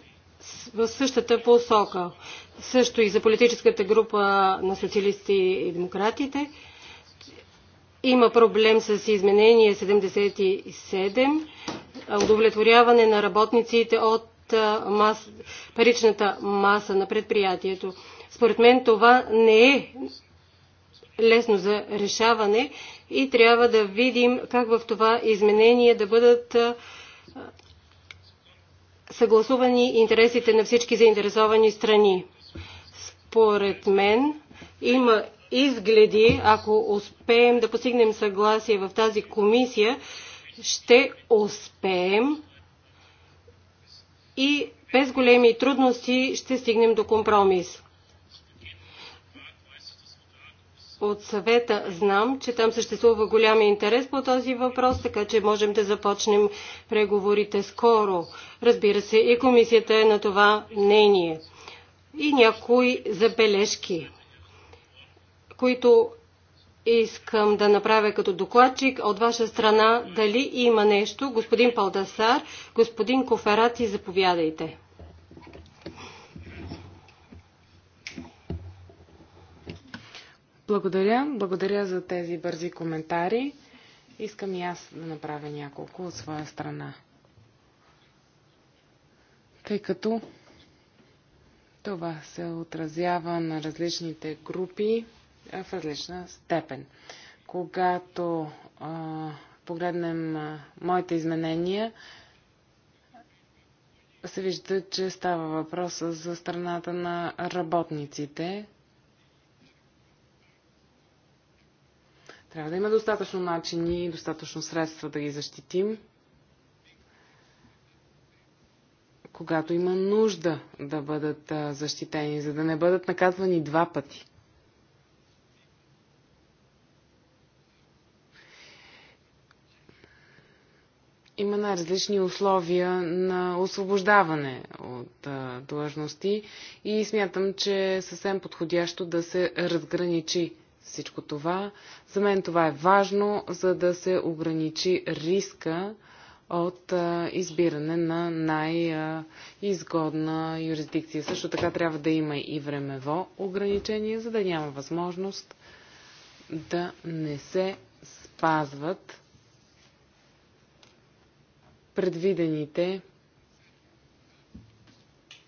в същата посока. Също и за политическата група на социалисти и демократите. Има проблем с изменение 77, удовлетворяване на работниците от мас, паричната маса на предприятието. Според мен това не е лесно за решаване и трябва да видим как в това изменение да бъдат съгласувани интересите на всички заинтересовани страни. Според мен има изгледи, ако успеем да постигнем съгласие в тази комисия, ще успеем и без големи трудности ще стигнем до компромис. от съвета знам, че там съществува голям интерес по този въпрос, така че можем да започнем преговорите скоро. Разбира се, и комисията е на това мнение. И някои забележки, които искам да направя като докладчик от ваша страна. Дали има нещо? Господин Палдасар, господин Коферати, заповядайте. Благодаря. Благодаря за тези бързи коментари. Искам и аз да направя няколко от своя страна. Тъй като това се отразява на различните групи в различна степен. Когато а, погледнем а, моите изменения, се вижда, че става въпрос за страната на работниците, Трябва да има достатъчно начини и достатъчно средства да ги защитим, когато има нужда да бъдат защитени, за да не бъдат наказвани два пъти. има най-различни условия на освобождаване от а, длъжности и смятам, че е съвсем подходящо да се разграничи всичко това. За мен това е важно, за да се ограничи риска от а, избиране на най-изгодна юрисдикция. Също така трябва да има и времево ограничение, за да няма възможност да не се спазват предвидените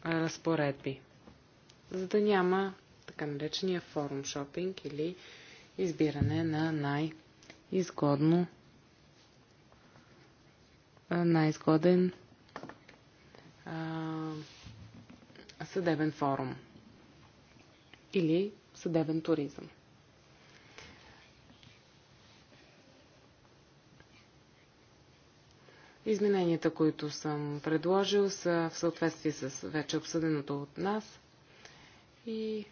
разпоредби, за да няма така наречения форум шопинг или избиране на най-изгодно най-изгоден съдебен форум или съдебен туризъм. Измененията, които съм предложил, са в съответствие с вече обсъденото от нас и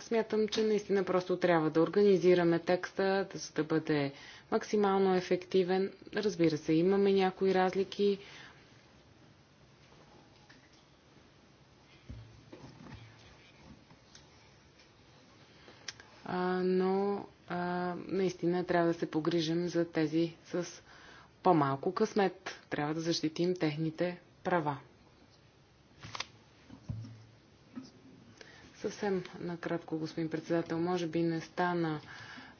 Смятам, че наистина просто трябва да организираме текста, за да бъде максимално ефективен. Разбира се, имаме някои разлики. но а, наистина трябва да се погрижим за тези с по-малко късмет. Трябва да защитим техните права. Съвсем накратко, господин председател, може би не стана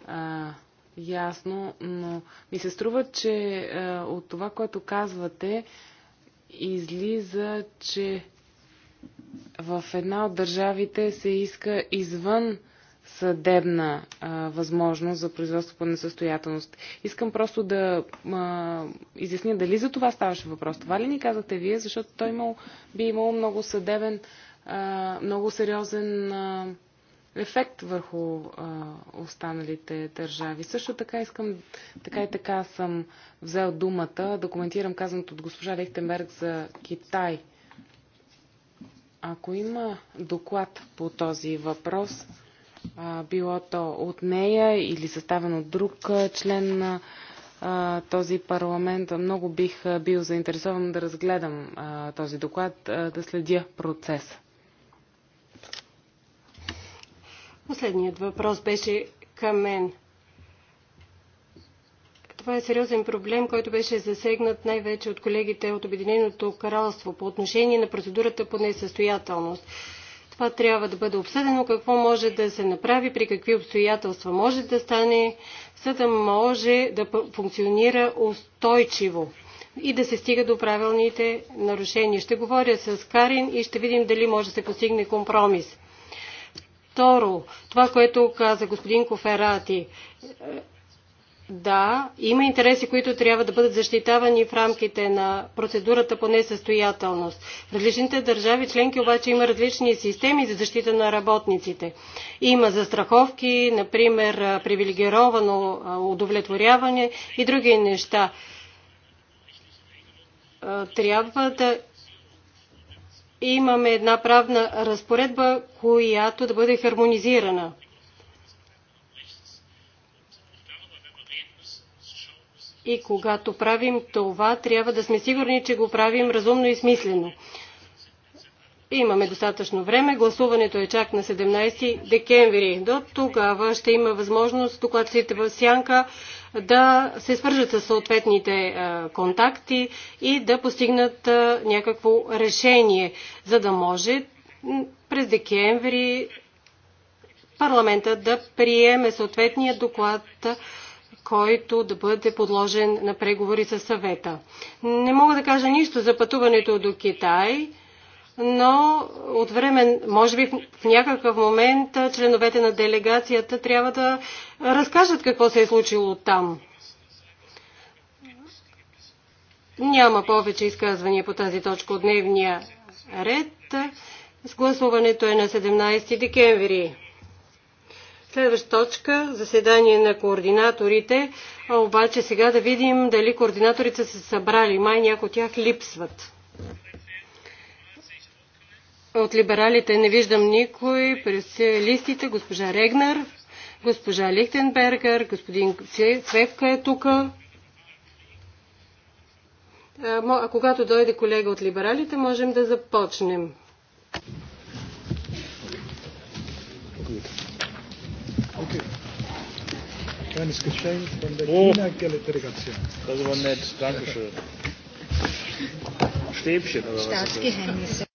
а, ясно, но ми се струва, че а, от това, което казвате, излиза, че в една от държавите се иска извън съдебна а, възможност за производство по несъстоятелност. Искам просто да а, изясня дали за това ставаше въпрос. Това ли ни казвате вие, защото той имал, би имал много съдебен много сериозен ефект върху останалите държави. Също така искам, така и така съм взел думата да коментирам казаното от госпожа Лехтенберг за Китай. Ако има доклад по този въпрос, било то от нея или съставен от друг член на този парламент, много бих бил заинтересован да разгледам този доклад, да следя процеса. Последният въпрос беше към мен. Това е сериозен проблем, който беше засегнат най-вече от колегите от Обединеното кралство по отношение на процедурата по несъстоятелност. Това трябва да бъде обсъдено, какво може да се направи, при какви обстоятелства може да стане, за да може да функционира устойчиво и да се стига до правилните нарушения. Ще говоря с Карин и ще видим дали може да се постигне компромис. Второ, това, което каза господин Коферати, е, да, има интереси, които трябва да бъдат защитавани в рамките на процедурата по несъстоятелност. В различните държави членки обаче има различни системи за защита на работниците. Има застраховки, например привилегировано удовлетворяване и други неща. Е, трябва да имаме една правна разпоредба, която да бъде хармонизирана. И когато правим това, трябва да сме сигурни, че го правим разумно и смислено. Имаме достатъчно време. Гласуването е чак на 17 декември. До тогава ще има възможност докладците в Сянка да се свържат с съответните е, контакти и да постигнат е, някакво решение, за да може през декември парламента да приеме съответния доклад, който да бъде подложен на преговори със съвета. Не мога да кажа нищо за пътуването до Китай но от време, може би в някакъв момент членовете на делегацията трябва да разкажат какво се е случило там. Няма повече изказвания по тази точка от дневния ред. Сгласуването е на 17 декември. Следваща точка – заседание на координаторите. А обаче сега да видим дали координаторите са се събрали. Май някои от тях липсват. От либералите не виждам никой. През листите госпожа Регнер, госпожа Лихтенбергер, господин Цвевка е тук. А когато дойде колега от либералите, можем да започнем. Kleines Geschenk oh. Staatsgeheimnisse.